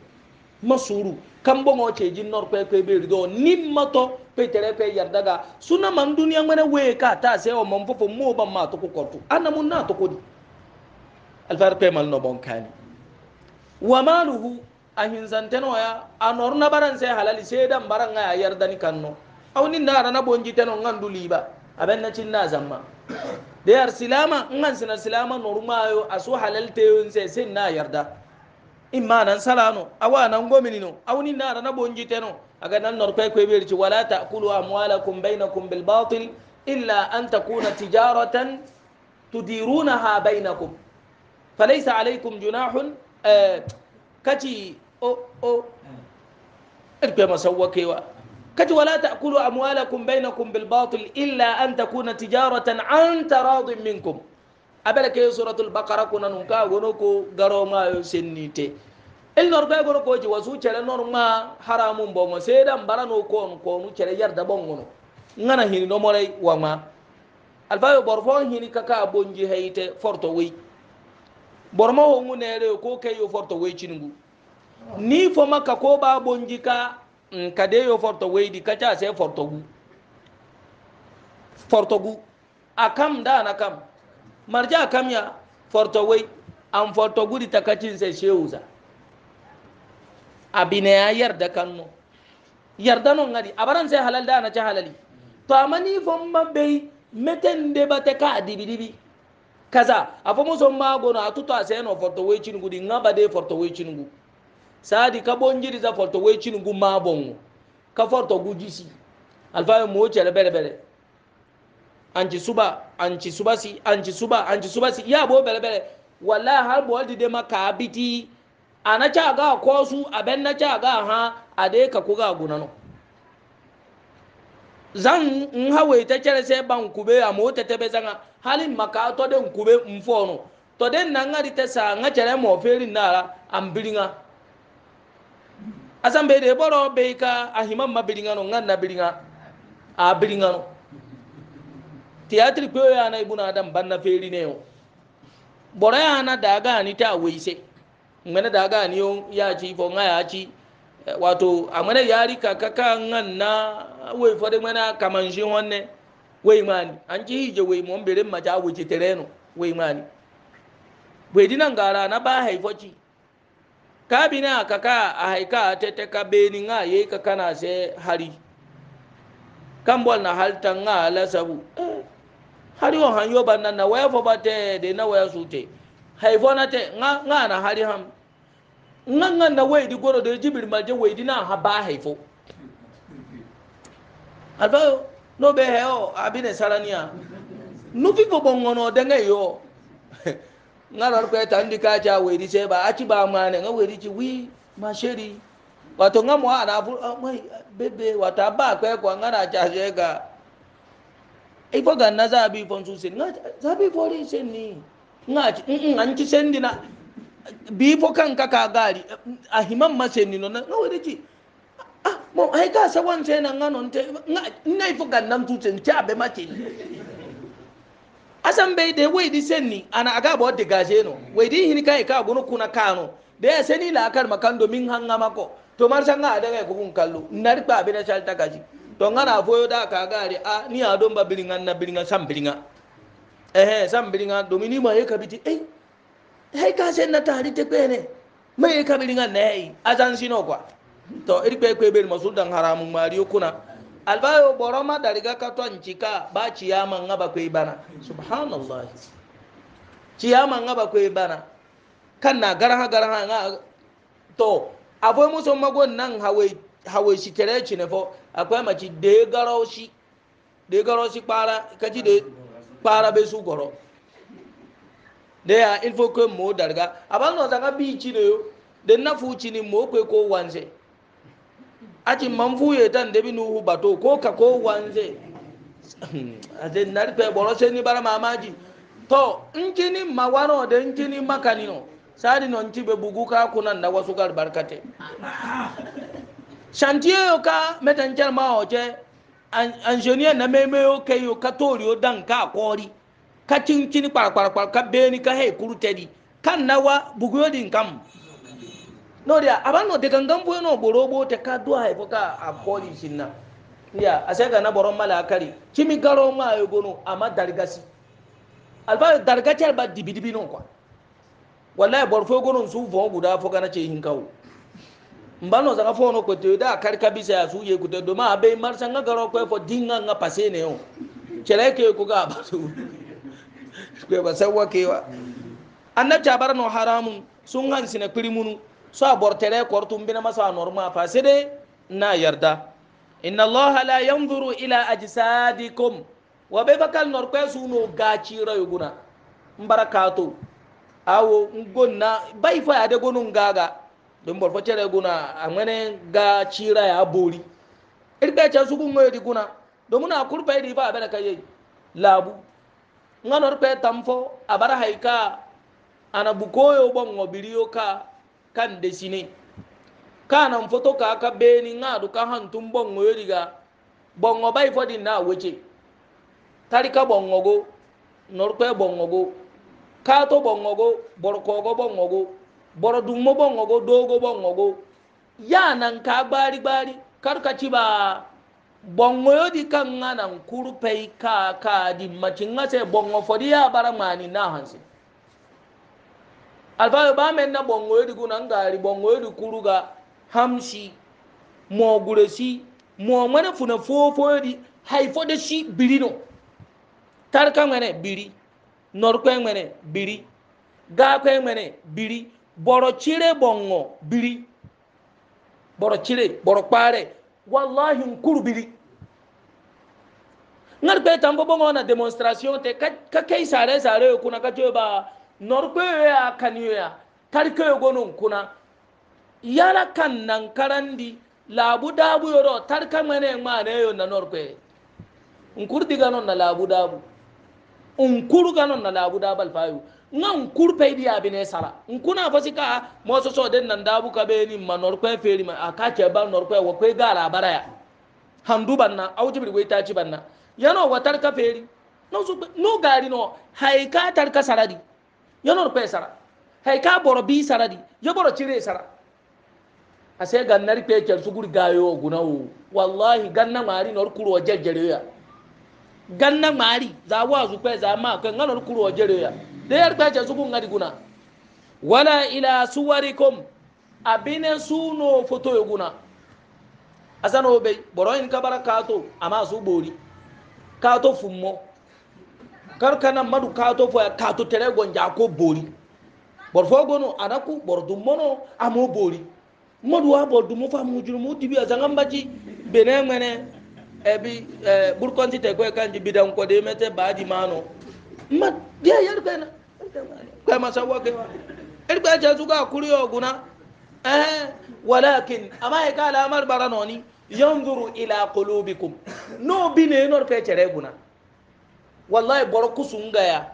A: masuru kan bongo ce jin norpe pe be rido nimmato pe tere pe yarda ga suna man duniya ngene we ka ta se o man fofo mo ban ma to ko kortu annamun na to ko di alfar pe mal no bon kani wa maluhu ahin zanteno ya anor na baran se halali se dan baran ga yarda ni kanno aw ni na na bonji teno ngandu liba aben na cin na zamma da yar silama ngan sinar silama normayo asu halal teyon se sin na yarda imma nan salano awa nan gomini no aw ni na na bonji teno اغان نور كاي كوي بيرتي ولا تاكلوا اموالكم بينكم بالباطل الا ان تكون تجاره تديرونها بينكم فليس عليكم جناح كتي او او ارك ما سوكي وا كتي ولا تاكلوا اموالكم بينكم بالباطل الا ان تكون تجاره عن تراض منكم ابلك سوره البقره كنا نكا غنوكو غرو ما سنيتي il norbe gono koji wasu cere norma haramun bongo sai dan barano ko on ko nu cere yarda bongo no ngana hini no morai wama alfayo borfon hini kaka bonji hayte forto wi borma ho ngunere ko kayo forto wi chiningu ni fo maka ko ba bonji ka mm, kade yo forto wi di kacha sai forto gu forto gu akam da na kam marja kam ya forto wi an forto gu di takacin sai sheuza abinaya yarda kanno yarda non ngadi abaran sai halal da na ci halali to amma ni fon mabai meten de bate ka dibi dibi kaza afo mo son mago na atuto ase no forto we chinugu di ngaba de forto we chinugu sadi ka bonjiri za forto we chinugu ma bongo ka forto gujisi alfa mo chere bere bere anci suba anci suba si anci suba anci suba si ya bo bere bere wala har bo de ma ka biti ana ca ga kosu abin na ca ga ha a dai ka kuga gunano zan in hawe ta kere sai ban kube a mota ta bezanga halin maka to den kube in fono to den nan ngari ta sa nga kere mo ferin nara an biringa asan be de boro be ka ahiman ma biringa no ngan na bilinga a bilinga no teatri ko ya na ibuna adam ban na feri ne yo boro ya na daga ni ta weise ngmene daga ni on ya ci fo nga ya ci eh, wato amane yari ka kaka ngan na we fo de ngmene kaman shi wonne we mani an ji hije we mon bere ma ja wuce tereno we mani we dinan gara na ba haifo ci kabina kaka a haika tete ka beni nga ye ka kana se hari kambol na halta nga la sabu eh, hari o han yo banna na waya fo bate de na waya sute hay vonate nga nga na hari ham nga nga na waydi goro de jibir malje waydi na ha ba hay fo alba no be he o abine sarania nu fi go bongono de nga yo nga rar ko ta ndi ka ja waydi se ba aci ba ma ne nga waydi ci wi ma sheri wato nga mo ana bu ah, mai bebe wata ba ko ko nga na ja ga ifo ga na za bi fon su se nga za bi fo se ni ngaci mm anci sendi na bifo kanka ka gari eh, a himan masendi no na wani ci ah mo ai ka sawan sai na ngano nte nai fo gandam tu sen ta be mace asan bai de wai di senni ana aga bo de gaje no wai di hin kai ka gunu e kuna kano da ya sani la akar makan domin hanga mako to mar sanga ada ga kun kallo nar ba bi na shalta gaji to ngana foyo da ka gari a ah, ni adon ba bilinga na bilinga sam bilinga eh san biringa domini ma ye kabiti eh hey ka sen na tari te pene ma ye kabiringa nei azan sino kwa to iri pe pe be masudan haramun mariyo kuna albayo boroma da riga ka ton cika ba ciyama ngaba kwe bana subhanallah ciyama ngaba kwe bana kan na garha garha nga to akwai musu magon nan hawai hawai shi tere ci ne fo akwai mace da ya garo shi de garo shi kpara kaji da kpaara be su goro de ya il faut que mo darga aban no daga bi ci ne yo de na fu ci ni mo kwe ko wanze aji man fu ye tan de bi nu hu bato ko ka ko wanze ade nar pe boro se ni bara mamaji to nkini mawano de nkini saa sadi non ti be bugu ka kunan na wasu gar barkate chantier ah. ka metan jar ma oje engineer na maimayo kai yo ka toriyo dan ka kori ka cincin kparakparakpar ka beni ka hei kuru tedi kan nawa buguyodin kam no dia abano de gangan boyo no borobo te ka do hay foka a kori sinna ya asega na boron mala akari chimi garo ma yo gono ama dargasi alba dargaci alba dibidibi non kwa wallahi borfo gono su fo guda foka na ce hin kawo mbano saka fono ko tewda kar kabisa ya suje ku do ma be mar sanga garo ko fo dinga nga pase ne o chere ke ku ga ba su ko ba sawa ke wa annabi jabar no haramun sun han sina pirimunu so a bortere kortum bina masa norma fa sede na yarda inna allaha la yanzuru ila ajsadikum wa be bakal nor ko suno gacira yuguna mbarakato awo ngonna bai fa ade gonun gaga ɗum bor fo cere guna a ŋene ga cira ya bori iri ɓe can sugu ŋoyodi guna domin a kurpa idi fa a ɓene ka yeyi laabu ŋanor ɓe tam fo a bara hay ka ana bukoyo ɓonŋo biriyo ka kan desine kanan foto ka aka beni ŋadu ka hantum ɓonŋo yodiga ɓonŋo ɓay fo din na wece tarika ɓonŋo go norpe ɓonŋo go kato ɓonŋo go borkogo ɓonŋo go boro dummo bongogo dogo bongogo yanan ka gbari gbari karka ci ba bongo yodi kan nganan kurpei ka ka di macin se bongo fodi ya bara mani na hansi Alfa ba men na bongo yodi kunan gari bongo yodi kuruga hamsi mo guresi mo mana funa fofo di haifo da shi birino. no tarka ngane biri norkwe ngane biri gakwe ngane biri boro cire bongo biri boro cire boro kpare wallahi nkuru biri ngar pe tambo bongo na demonstration te ka ka kai sare sare kuna ka ce ba norpe ya kani ya tarke gonun kuna yara kan nan karandi labu dabu yoro tarka mane ma ne yo na norpe nkur diga non na labu dabu nkuru ga non na labu dabal fayu nga nkur pay di abine sara nkuna fosi ka mo so so den nan dabu ka be ni manor kwe feri ma aka ke ba nor kwe wo kwe gara baraya handu banna auji bir we taci banna yano watar ka feri no su no gari no hay ka tar ka saradi yano kwe sara hay ka boro bi saradi yo boro cire sara ase gannar pe ke su gur gayo gunawo wallahi ganna mari nor kuro jejjere ya ganna mari za wa zu kwe za ma kwe ngano kuro jejjere ya da yar ta ce suku ngadi guna wala ila suwarikum abine suno foto ya guna asano obe boro in kabara kato amma su bori kato fummo karkana madu kato fo kato tere gonja ko bori bor fo gono anaku bor dum mono amo bori modu wa bor dum fa mu juru mu dibi azangam baji bene mene ebi eh, burkonti te ko kanji bidan ko de mete baji mano ma dia yar bena kwa masawa ke wa irga ce suka kuriyo guna eh walakin amma ya kala amar baranoni yanzuru ila qulubikum no bine no pe cere guna wallahi boro kusunga ya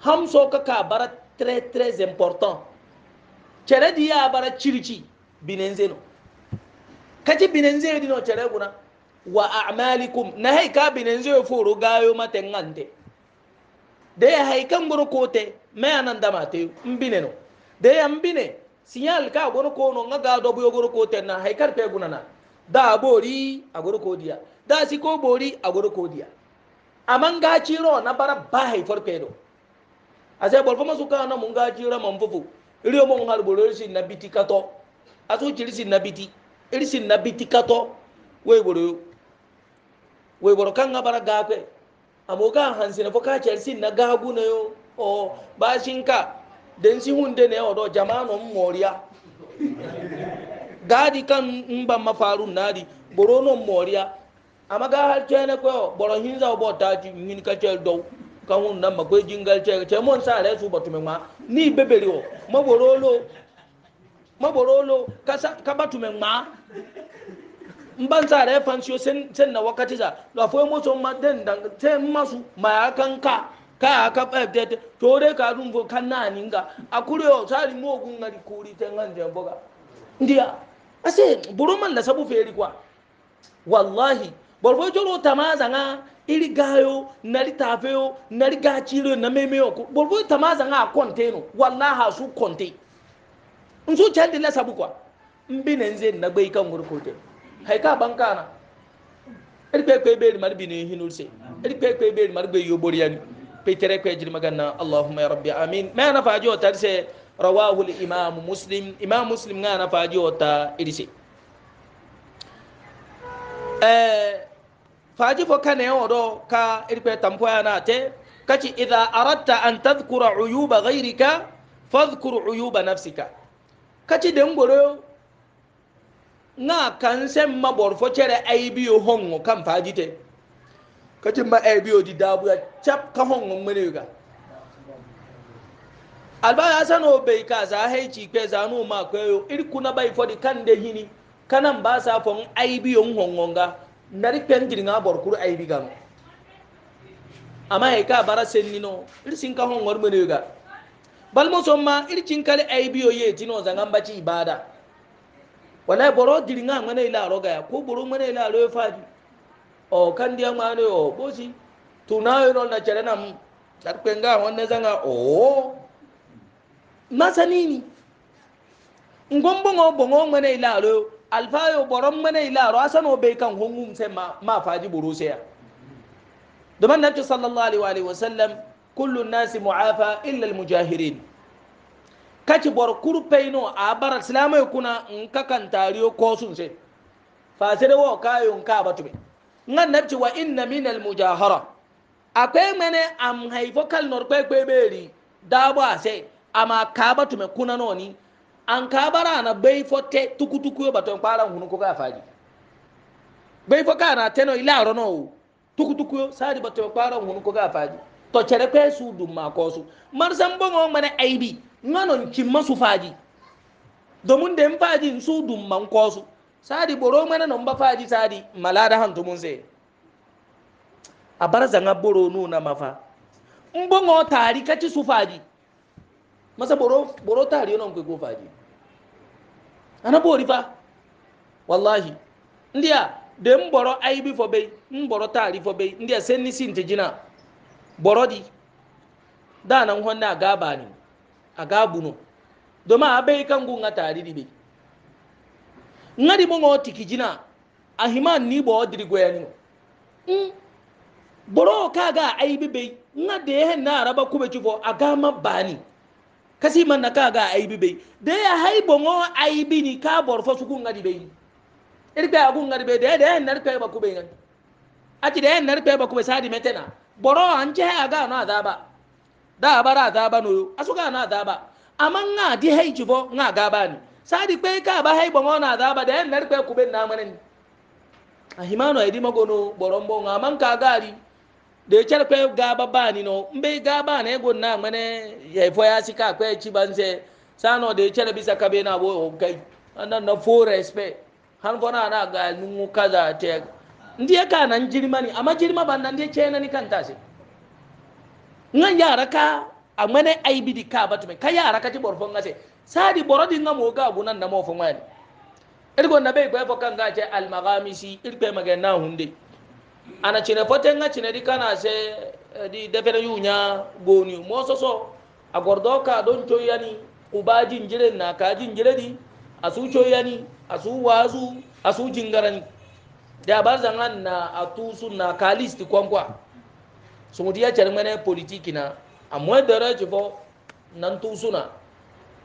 A: hamso ka ka bara très très important cere di ya bara cirici binenze no kaci binenze di no cere guna wa a'malikum na hay ka binenze fo ro gayo mate ngante de ya hay kan kote me ananda dama te mbine no de ya mbine sinyal ka goro ko no nga ga do bu kote na hay kar pe gunana da bori a goro kodiya da si ko bori a goro kodiya aman ga ciro na bara ba hay for pedo ase bol fama suka na mun ga ciro man fufu iriyo mon hal boro si na biti kato aso ciri si na biti iri na biti kato we boro we boro kan ga bara ga pe amoga hansi na foka chelsea na gagu na yo o bashinka den si hunde ne odo jamano moria gadi kan mba mafaru nadi borono moria amaga har chene ko boro hinza obo taji min ka chel do ka hun na magwe jingal chel che mon sa re su batume ma ni bebeli o maborolo maborolo kasa kabatume ma mban tsara ya fansiyo sen na wakati za da foi ma dan ten masu ma akan ka ka aka pebdet to re ka dun fo kan na ga akure o tsari mo gun ngari kuri ten ngan boga ndiya ase buru man la sabu feri kwa wallahi borbo joro tamaza nga iri gayo nari tafeyo nari gachiro na memeyo borbo tamaza nga konte wallahi su konte sabu kwa nze na gbe ikan hay ka bankana edi kwe kwe beri mari bini hinul se edi kwe kwe beri mari be yobori yani pe tere kwe jiri magana allahumma ya rabbi amin ma na faji ota se rawahu al-imam muslim imam muslim nga na faji ota edi se eh faji fo kane odo ka edi kwe tampo yana te kaci idha aratta an tadhkura uyuba ghayrika fadhkur uyuba nafsika kaci dengoro nga kan sen mabor fo cere aibiyo hongo kan fajite kati ma aibiyo di dabu ya chap ka hongo mene yuga alba ya san o be ka za hay chi pe za no ma ko yo iri kuna bai fo di kan de hini kanan ba sa fo aibiyo hongo nga nari pen di nga bor kuru aibi ga amma hay e ka bara sen ni no iri sin ka hongo mene yuga balmo somma iri cinkale aibiyo ye tino za ngamba chi ibada wallahi boro diri nga ngane ila roga ya ko boro ngane ila roye faji o kan dia ngane o bosi tunayo no na chere na tarpe nga wonne zanga o masa nini ngombo ngobo ngo ngane ila roye alfayo boron mana ilaro asan obe kan hungun sai ma ma faji burusiya domin nabi sallallahu alaihi wa sallam kullu nasi mu'afa illa al-mujahirin kaci bor kurpeino a bara silamai kuna nka kan tariyo ko sun se fasire wo kayo nka batube ngan nabci wa inna min al mujahara akwai mene am haifo kal nor kwe kwe beri dabo ase ama ka batume kuna noni an ka bara na bai fote tukutuku baton kwaran hunu ko ka faji bai fo kana teno ila rono tukutuku sari baton kwaran hunu ko ka faji to chere kwe su dum ma ko su mar san bongo mene aibi nganon cimma su faji domin da faji su dumman kosu sadi boro mana non ba faji sadi malada hantu mun sai a bar zanga boro nuna mafa in bongo tari kaci su faji masa boro boro tari non ko faji ana bori fa wallahi ndiya da n bɔrɔ ayibi fɔ bɛyi n bɔrɔ taari fɔ bɛyi n diya n'i sin n ti jina bɔrɔ di da n hɔn naa gaa baani aga buno doma abe kan gunga tariri be ngari mo ngoti kijina ahima ni bo odiri goya ni mm boro kaga ai bibe na da ya na raba kuma kifo aga ma bani kasi man na kaga ai bibe da ya haibo ngo ai bini ka borfo su kunga dibe irbe agun ngari be da da na rpe ba kube ngani ati da na rpe ba kube sadi metena boro anje aga no azaba da bara da ba no asuka na da ba amma nga di hai jibo nga ga ba ni sadi pe ka ba hai bongo na da ba da en nar pe ku ben na manin ahimano edi magono borombo nga man ka gari da ya kwe gaba ba ni no mbe gaba na ego na mene ya ifo ya sika kwe chibanze sano da ya kyara bisa kabe na bo kai annan na fo respect han fona na ga nungu kaza te ndi ya kana njirma ni amma jirma ban nan ndi ya na ni ka sai nga yara ka a mane aibidi ka batume ka yara ka ci borfo nga se sadi borodi nga mo ga gunan na mo fo ngani irgo na bai gwe fo kan ga ce almaghamisi irpe magana hunde ana cine fote nga cine di kana se eh, di defere yunya goni mo soso a gordo ka don coyani ubaji jinjire na ka jinjire di asu coyani asu wazu asu jingarani da bar zangan na atusu na kalisti kwankwa songodiya cari mene politiki na amwe dere chifo nantu suna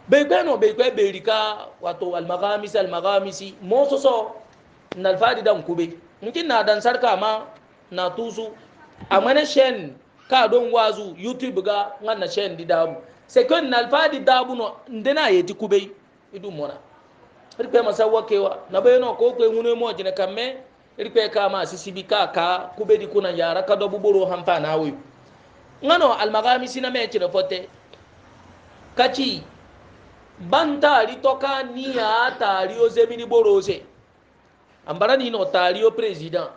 A: beigbe no beigbe berika wato almagamisi almagamisi mo soso nalfadi da kube nkin na dan sarka ma na tusu amane shen ka don wazu youtube ga nganna shen di dabu sekon nalfadi dabu no ndena yeti kube idu mona rikpe masa wakewa na bayano ko kwe ngune mo jina kamme irpe ka ma sisibi ka ka kubedi kuna yara ka do buburo hampa na wi ngano almagami sina me na fote kachi banta ri toka ni ya tari o zemini borose ambara ni no tari o president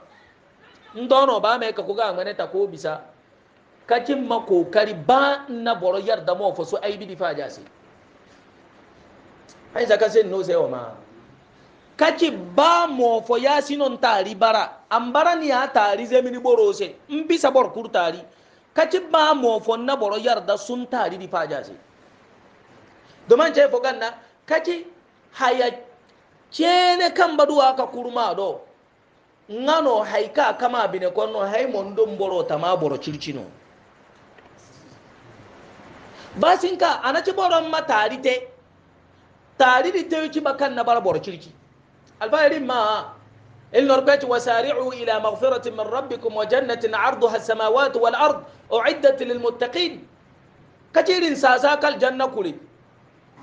A: ndono ba me ka kuga ngane ta ko bisa kachi ma kokari ba na boro yarda mo fo so aibi di faja si ai zaka sen no se o ma kaci ba mofo ya sinon bara an bara ni ya tari zemini boro se in sabor kur tari kaci ba mofo na boro yarda sun tari di faja se domin ce fogan na kaci haya cene kan baduwa ka kurma do ngano haika kama bine konno hay mondon boro tama boro circino basinka anaci boron ma tari te tari di tewci bakan na bara boro circi الفاير ما إن ربيت وسارعوا إلى مغفرة من ربكم وجنة عرضها السماوات والأرض أعدت للمتقين كثير ساساك الجنة كلي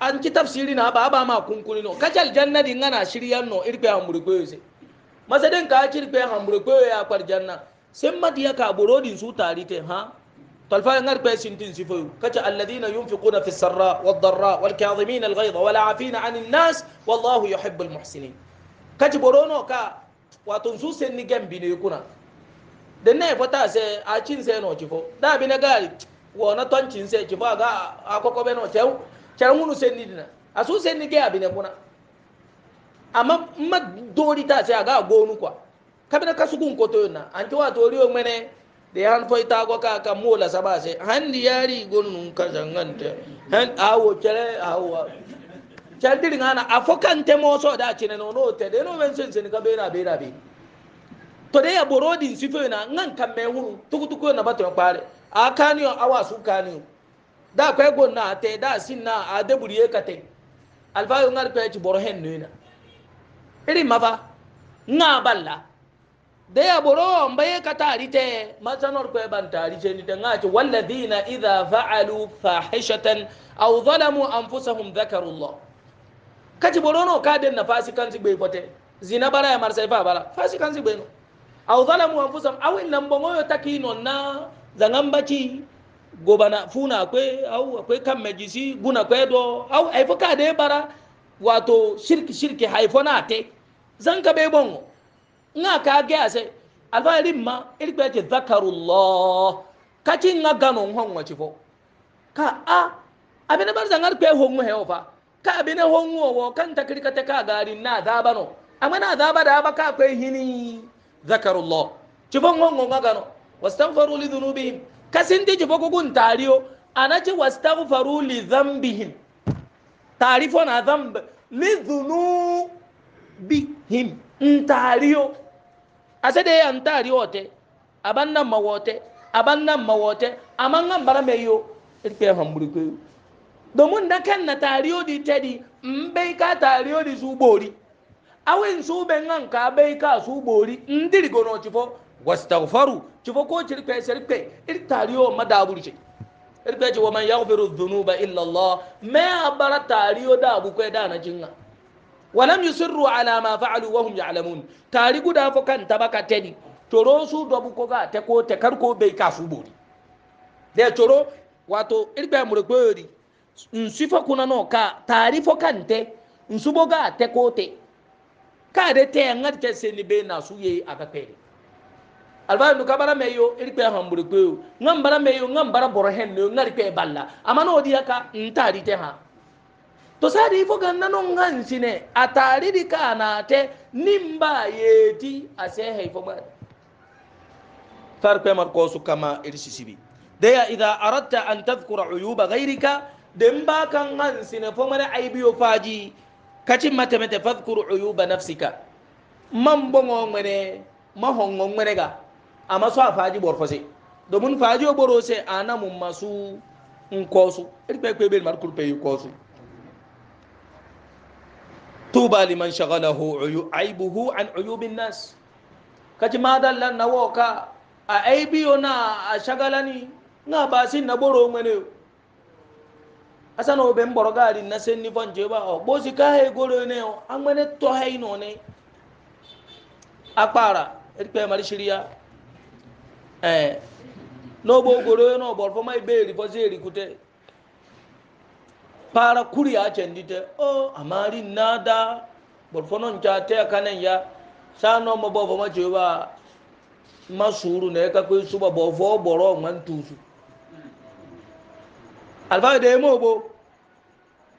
A: أنت تفسيرنا بابا ما كن كلنا كثير الجنة دينا شريانو إربي أمريكوزي مثلا كثير إربي أمريكوزي أقبل جنة سمت يا كابورودين سو تاريته ها طلفا بي سنتين سيفو كتا الذين ينفقون في السراء والضراء والكاظمين الغيظ والعافين عن الناس والله يحب المحسنين kati borono ka wato su sen ni gambi ne kuna da ne fata se a cin se no cifo da bi na gari wo na ton cin se cifo ga akoko be no tew charan unu sen ni dina a su sen ni ge abi ne kuna amma ma dori ta se aga gonu kwa kabina kasugun koto na anti wato riyo mene da ya hanfai ta gwaka ka mola saba sai handi yari gonun ka zanganta han awo kere awo chaldir ngana afokan temo so da chine no no te de no men sen sen ka be na be na be to de ya borodin sifo na ngan kan me huru tukutuko na bato pare akaniyo awa su kaniyo da kwe go na te da sin na adeburiye ka te alfa yo ngar pe ci boro hen nina iri mafa nga balla de ya boro mbaye ka tari te masanor kwe ban ni te nga ci walladina idha fa'alu fahishatan aw zalamu anfusahum dhakarullah kati borono ka den na fasikanci bai pote zina bara ya marsa fa bara fasikanci bai no aw zalamu anfusam aw in nan yo taki na zangan baki gobana funa kwe au kwe kam majisi guna kwe do aw ai fuka de bara wato shirki shirki haifona te zanka bai bongo nga ka ge ase alfa rimma irkwe ti zakarullah kati nga ganon hon wacifo ka a abin bar zangar kwe hongu heofa ka bine honwo wo kan takri ka ka gari na zaba no amma na zaba da ba ka kai hini zakarullah cibon hongo ga gano wastaghfaru li dhunubihim kasin ti cibo gugun tariyo anaci wastaghfaru li dhanbihim tarifo na dhanb li dhunubihim ntariyo ase de ya ntariyo te abanna mawote abanna mawote amanga mbara meyo irpe hamburi ko domin da kan na tariyo di tedi in bai ka tariyo di su bori awin su ben nan ka bai ka su bori in dirgono cifo wastaghfaru cifo ko cirpe sirpe ir tariyo madaburu ce irpe ce wa man yaghfiru dhunuba illa Allah me abara tariyo da abu kai da na jinna walam yusirru ala ma fa'alu wa hum ya'lamun tari guda fo kan tabaka tedi toro su dobu ko ga te ko te kar ko bai ka su bori de toro wato irpe mu nsifo kuna no ka tarifo kante nsubo ga te kote ka de te ngat te se ni be na su ye aga pele alba ndu kabara meyo iri pe hamburu pe o ngambara meyo ngambara boro hen no ngari pe balla amana odi aka ntari te ha to sari fo ganna no ngansi ne atari di kana te nimba yeti ase he fo ma farpe mar ko su kama iri sisibi daya idha aradta an tadhkura uyuba ghayrika dem ba kan han sine fo mana aibiyo faji kacin mata mata fadhkur uyuba nafsika man bongo ngene mahongo ngene ga amma so faji bor fose domin faji o boro se anamu masu nkosu irpe pe be mar kurpe kosu tuba liman shagalahu aibuhu an uyubin nas kacin madallan nawoka a aibiyo na a shagalani na basin na boro ngene asana obe mbɔrɔ gaari na se ni fɔn jeba ɔ gbosi ka he goro ne o an gbɛne tɔ he ino ne a kpaara e, eri kpɛ mari shiriya ɛɛ n'o goro ye n'o bɔrɔ fɔ ma fɔ seeri kute paara kuri a cɛn di tɛ o amaari naada bɔrɔ fɔ n'o ca tɛ ka ne ya saa n'o ma bɔ fɔ ma jeba ma suuru ne ka koyi suba bɔ fɔ bɔrɔ ŋman tuusu alfayo da ya mobo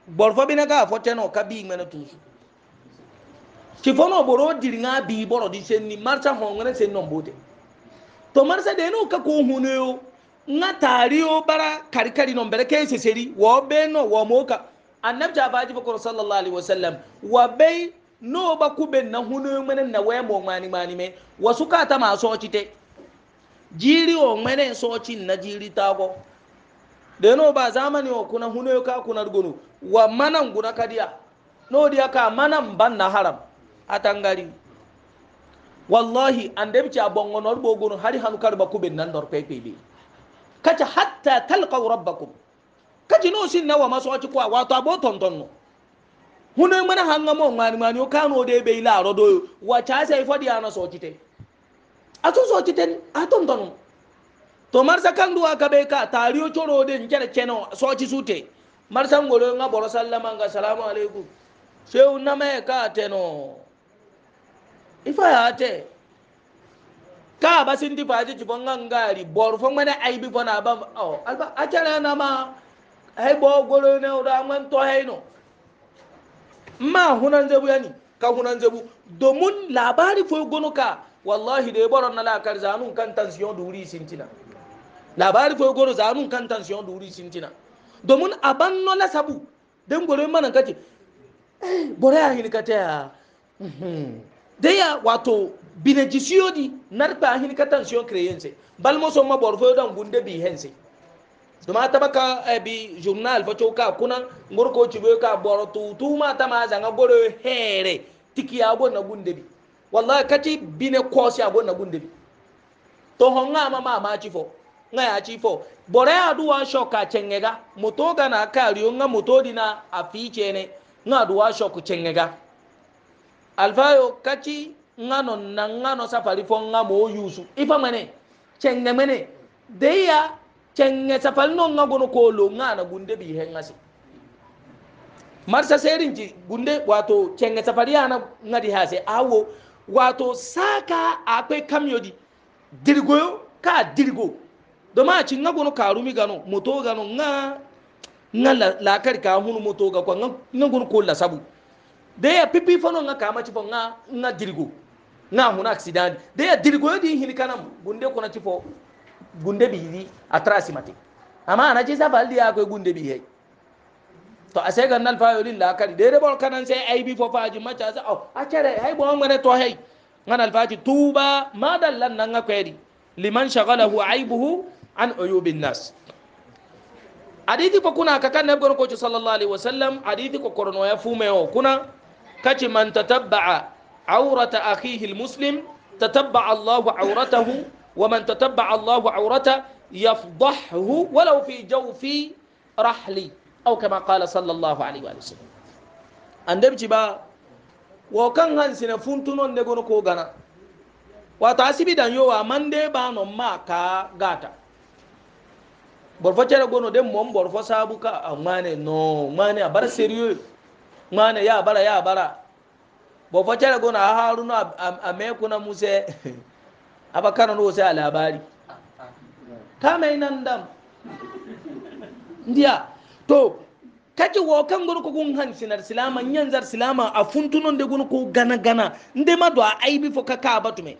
A: borfo bi na ka fo teno ka bi ngana tusu ki fo no boro diri nga bi boro di sen ni marcha ho ngana sen no mbote to marcha de no ka ko hunu yo nga tari o bara kari kari no mbere ke seseri wo be no wo moka annabi ta faji fa sallallahu alaihi wasallam wa bai no ba kube na hunu mene na we mo mani mani me wasu ka ta ma so chite jiri o mene so chin na jiri tago deno ba zamani wa kuna hunoyo ka kunar gunu wa manan guna kadiya no diya ka manan ban na haram atangari wallahi an da bici abon wani orbo gunu har hannu karba kubin nan dor pepepe kace hatta talqaw rabbakum kace no sin nawa maso wace kwa wato abo tonton no hunoyo mana hanga mo ngani mani o kano de be ila rodo wacha sai fodi ana so kite atun so kite atun tonon to marsa kan duwa ka be ka tariyo coro de nkere keno soci sute marsa ngoro nga boro sallama nga salamu alaikum shehu namaye ka no, ifa ya te ka basin ti faji ci bonga ngari bor fo mana aibi fo na ba o oh, alba acala na ma hay bo goro ne o da man to hay no ma hunan zebu yani ka hunan zebu domin labari fo gono ka wallahi da ya baron na la karzanun kan tansiyon duri sintina labari fo goro zanun kan tension duri sintina domin aban no la sabu dan gore manan kace eh, bore ya hin kata ya mhm. da ya wato binajisiyo di narba hin ka tension creyense balmo so ma borfo dan gunde bi hense duma ta baka eh, bi journal fa ka kuna ngorko cibe ka boro tutu ma ta ma zanga boro here tiki ya bo na gunde bi wallahi kati bine kosi ya bo na gunde bi to honga ma ma ma ci fo nga ya ci fo bore ya duwa shoka cengega moto ga na kariyo nga moto dina afiche ne nga duwa shoku cengega alfayo kachi ngano na ngano safari fo nga mo yusu ifa mene cenge mene deya cenge safari no nga gono kolo nga na gunde bi he ngasi marsa serin ji gunde wato cenge safari ana ngadi hase awo wato saka akwe kamyodi dirgo ka dirgo doma ci nga gono karumi gano moto gano nga nga la kar ka hunu moto ga ko nga gono ko la sabu de ya pipi fono nga kama ci fo nga nga dirgo nga huna accident de ya dirgo di hin kanam gunde ko na ci fo gunde bi di atrasi mate amma ana ci sabal dia akwai gunde bi yayi to a sai ga nal fayo la kar de de bol kanan sai ai bi fo faji macha sa au oh, a cere hai bo ngare to hai ngan alfaji tuba madallan nan akwai liman shagalahu aibuhu an uyubin nas hadithi ko kuna kakan nabi gon ko sallallahu alaihi wasallam hadithi ko korno ya fume o kuna kaci man tatabba'a awrata akhihi almuslim tatabba'a Allahu awratahu wa man tatabba'a Allahu awrata yafdahu walau fi jawfi rahli aw kama qala sallallahu alaihi wa sallam andabci ba wo kan hansina funtunon de gon ko gana wata asibi dan yo wa mande ba no ma ka gata borfo cere gono de mom borfo sabu ka amane ah, no mane a bar mm-hmm. serieux mane ya bara ya bara borfo cere gono a haruna a ah, ah, me kuna muse abakana no sai labari ta mai nan dam ndiya to kaci wo kan gonu ko gun han sinar silama nyan zar silama a funtunon de gonu ko gana gana nde ma do aibi fo kaka batume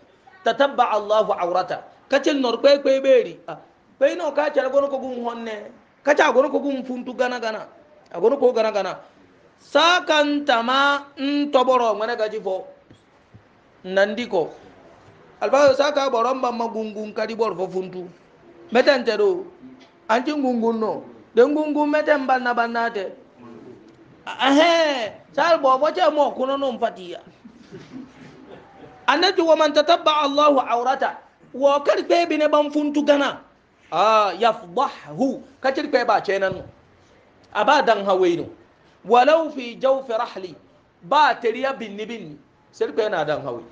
A: tatabba allah awrata kacel nor kwe kwe ah bai no ka cara gono ko gum honne ka ca gono ko gum funtu gana gana a gono ko gana gana sakantama n toboro ŋmene gaji fo nandi ko alfaso saka boro mbamma gungun kadi boro fo funtu meten te do anti gungun no de gungun meten banna bannate ahe sal bobo ce mo kuno non fatiya annati waman tatabba allahu aurata wo kar bebine ban funtu gana a yafdahu kacir pe ba ce nan aba dan hawaino walau fi jawfi rahli ba tariya binni binni sir pe na dan hawaino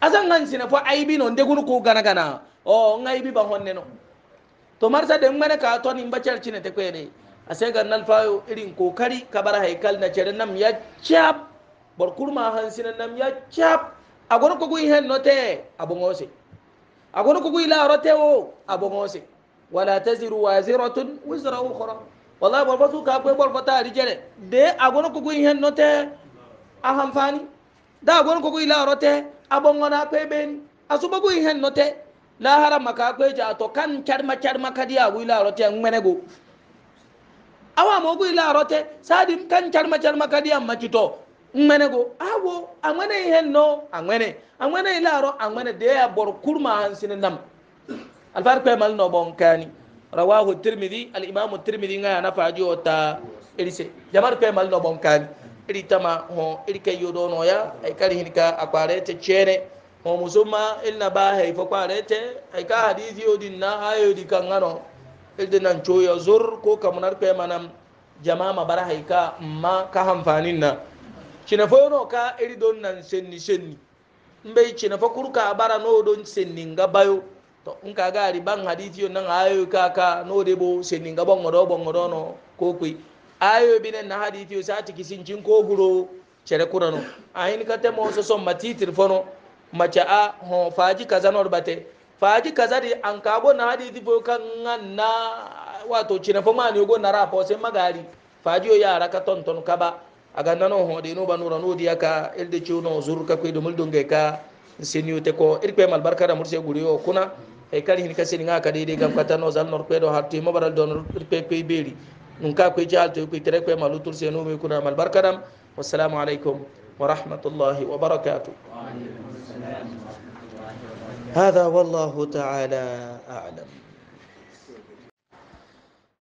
A: azan nan sine fo aibi non de gunu ko gana gana o ngai bi ba honne no to marsa de ngmane ka to ni mbacer cine te kwene ase ga nal fayo irin kokari kabar haikal na cere nam ya chap bor kurma han sine nam ya chap agon ko gu hen note abongose agono kugu ila rote o abongose wala taziru waziratun wizra ukhra wallahi bol batu ka ko bol bata ri jere de agono kugu hen note aham fani da agono kugu ila rote abongona pe ben asuba gu hen note la harama ka ko ja to kan charma charma kadi agu ila rote ngmenego awa mo gu ila rote sadim kan charma charma kadi amma kito ŋmene go awo a ŋmene ihe no a ŋmene a ŋmene ile aro a de ya bor kurma hansini nam alfar kwe mal no bon kani rawahu tirmidhi al imam tirmidhi nga na faji ota irise jamar kwe mal no bon kani iri tama ho iri kai yodo no ya ai kari hinka akware te chene ho musumma ilna ba hay fo kware te ai ka hadisi yodin na hayo di kangano ilde nan choya zur ko kamunar kwe manam jama'a mabara haika ma ka hamfanin na cinafo yono ka eri don nan senni senni mbe cinafo kurka bara no don senni nga bayo to in ka ga ri ban hadisi yon nan ayo kaka no de bo senni nga bon ngodo bon ko kui ayo bine na hadisi yo sati kisin cin ko guro cere kurano ayin ka te mo so so matitir fono maca a ah, ho faji kaza no bate faji kaza di an ka go na hadisi fo kan na wato cinafo ma ne go na rapo sai magari faji yo yara ka tonton kaba aga nano hode no banu ranu dia ka ilde chuno zur ka kwe dumul dunge ka seniyu te ko irpe mal barka da murse guri yo kuna e kali hin kasini nga ka dede gam kata no zal nor kwe do hatu mo baral don irpe kwe beri nun ka kwe jal to kwe tere kwe malutul senu me kuna mal barka dam wassalamu alaikum ورحمة الله وبركاته هذا والله تعالى أعلم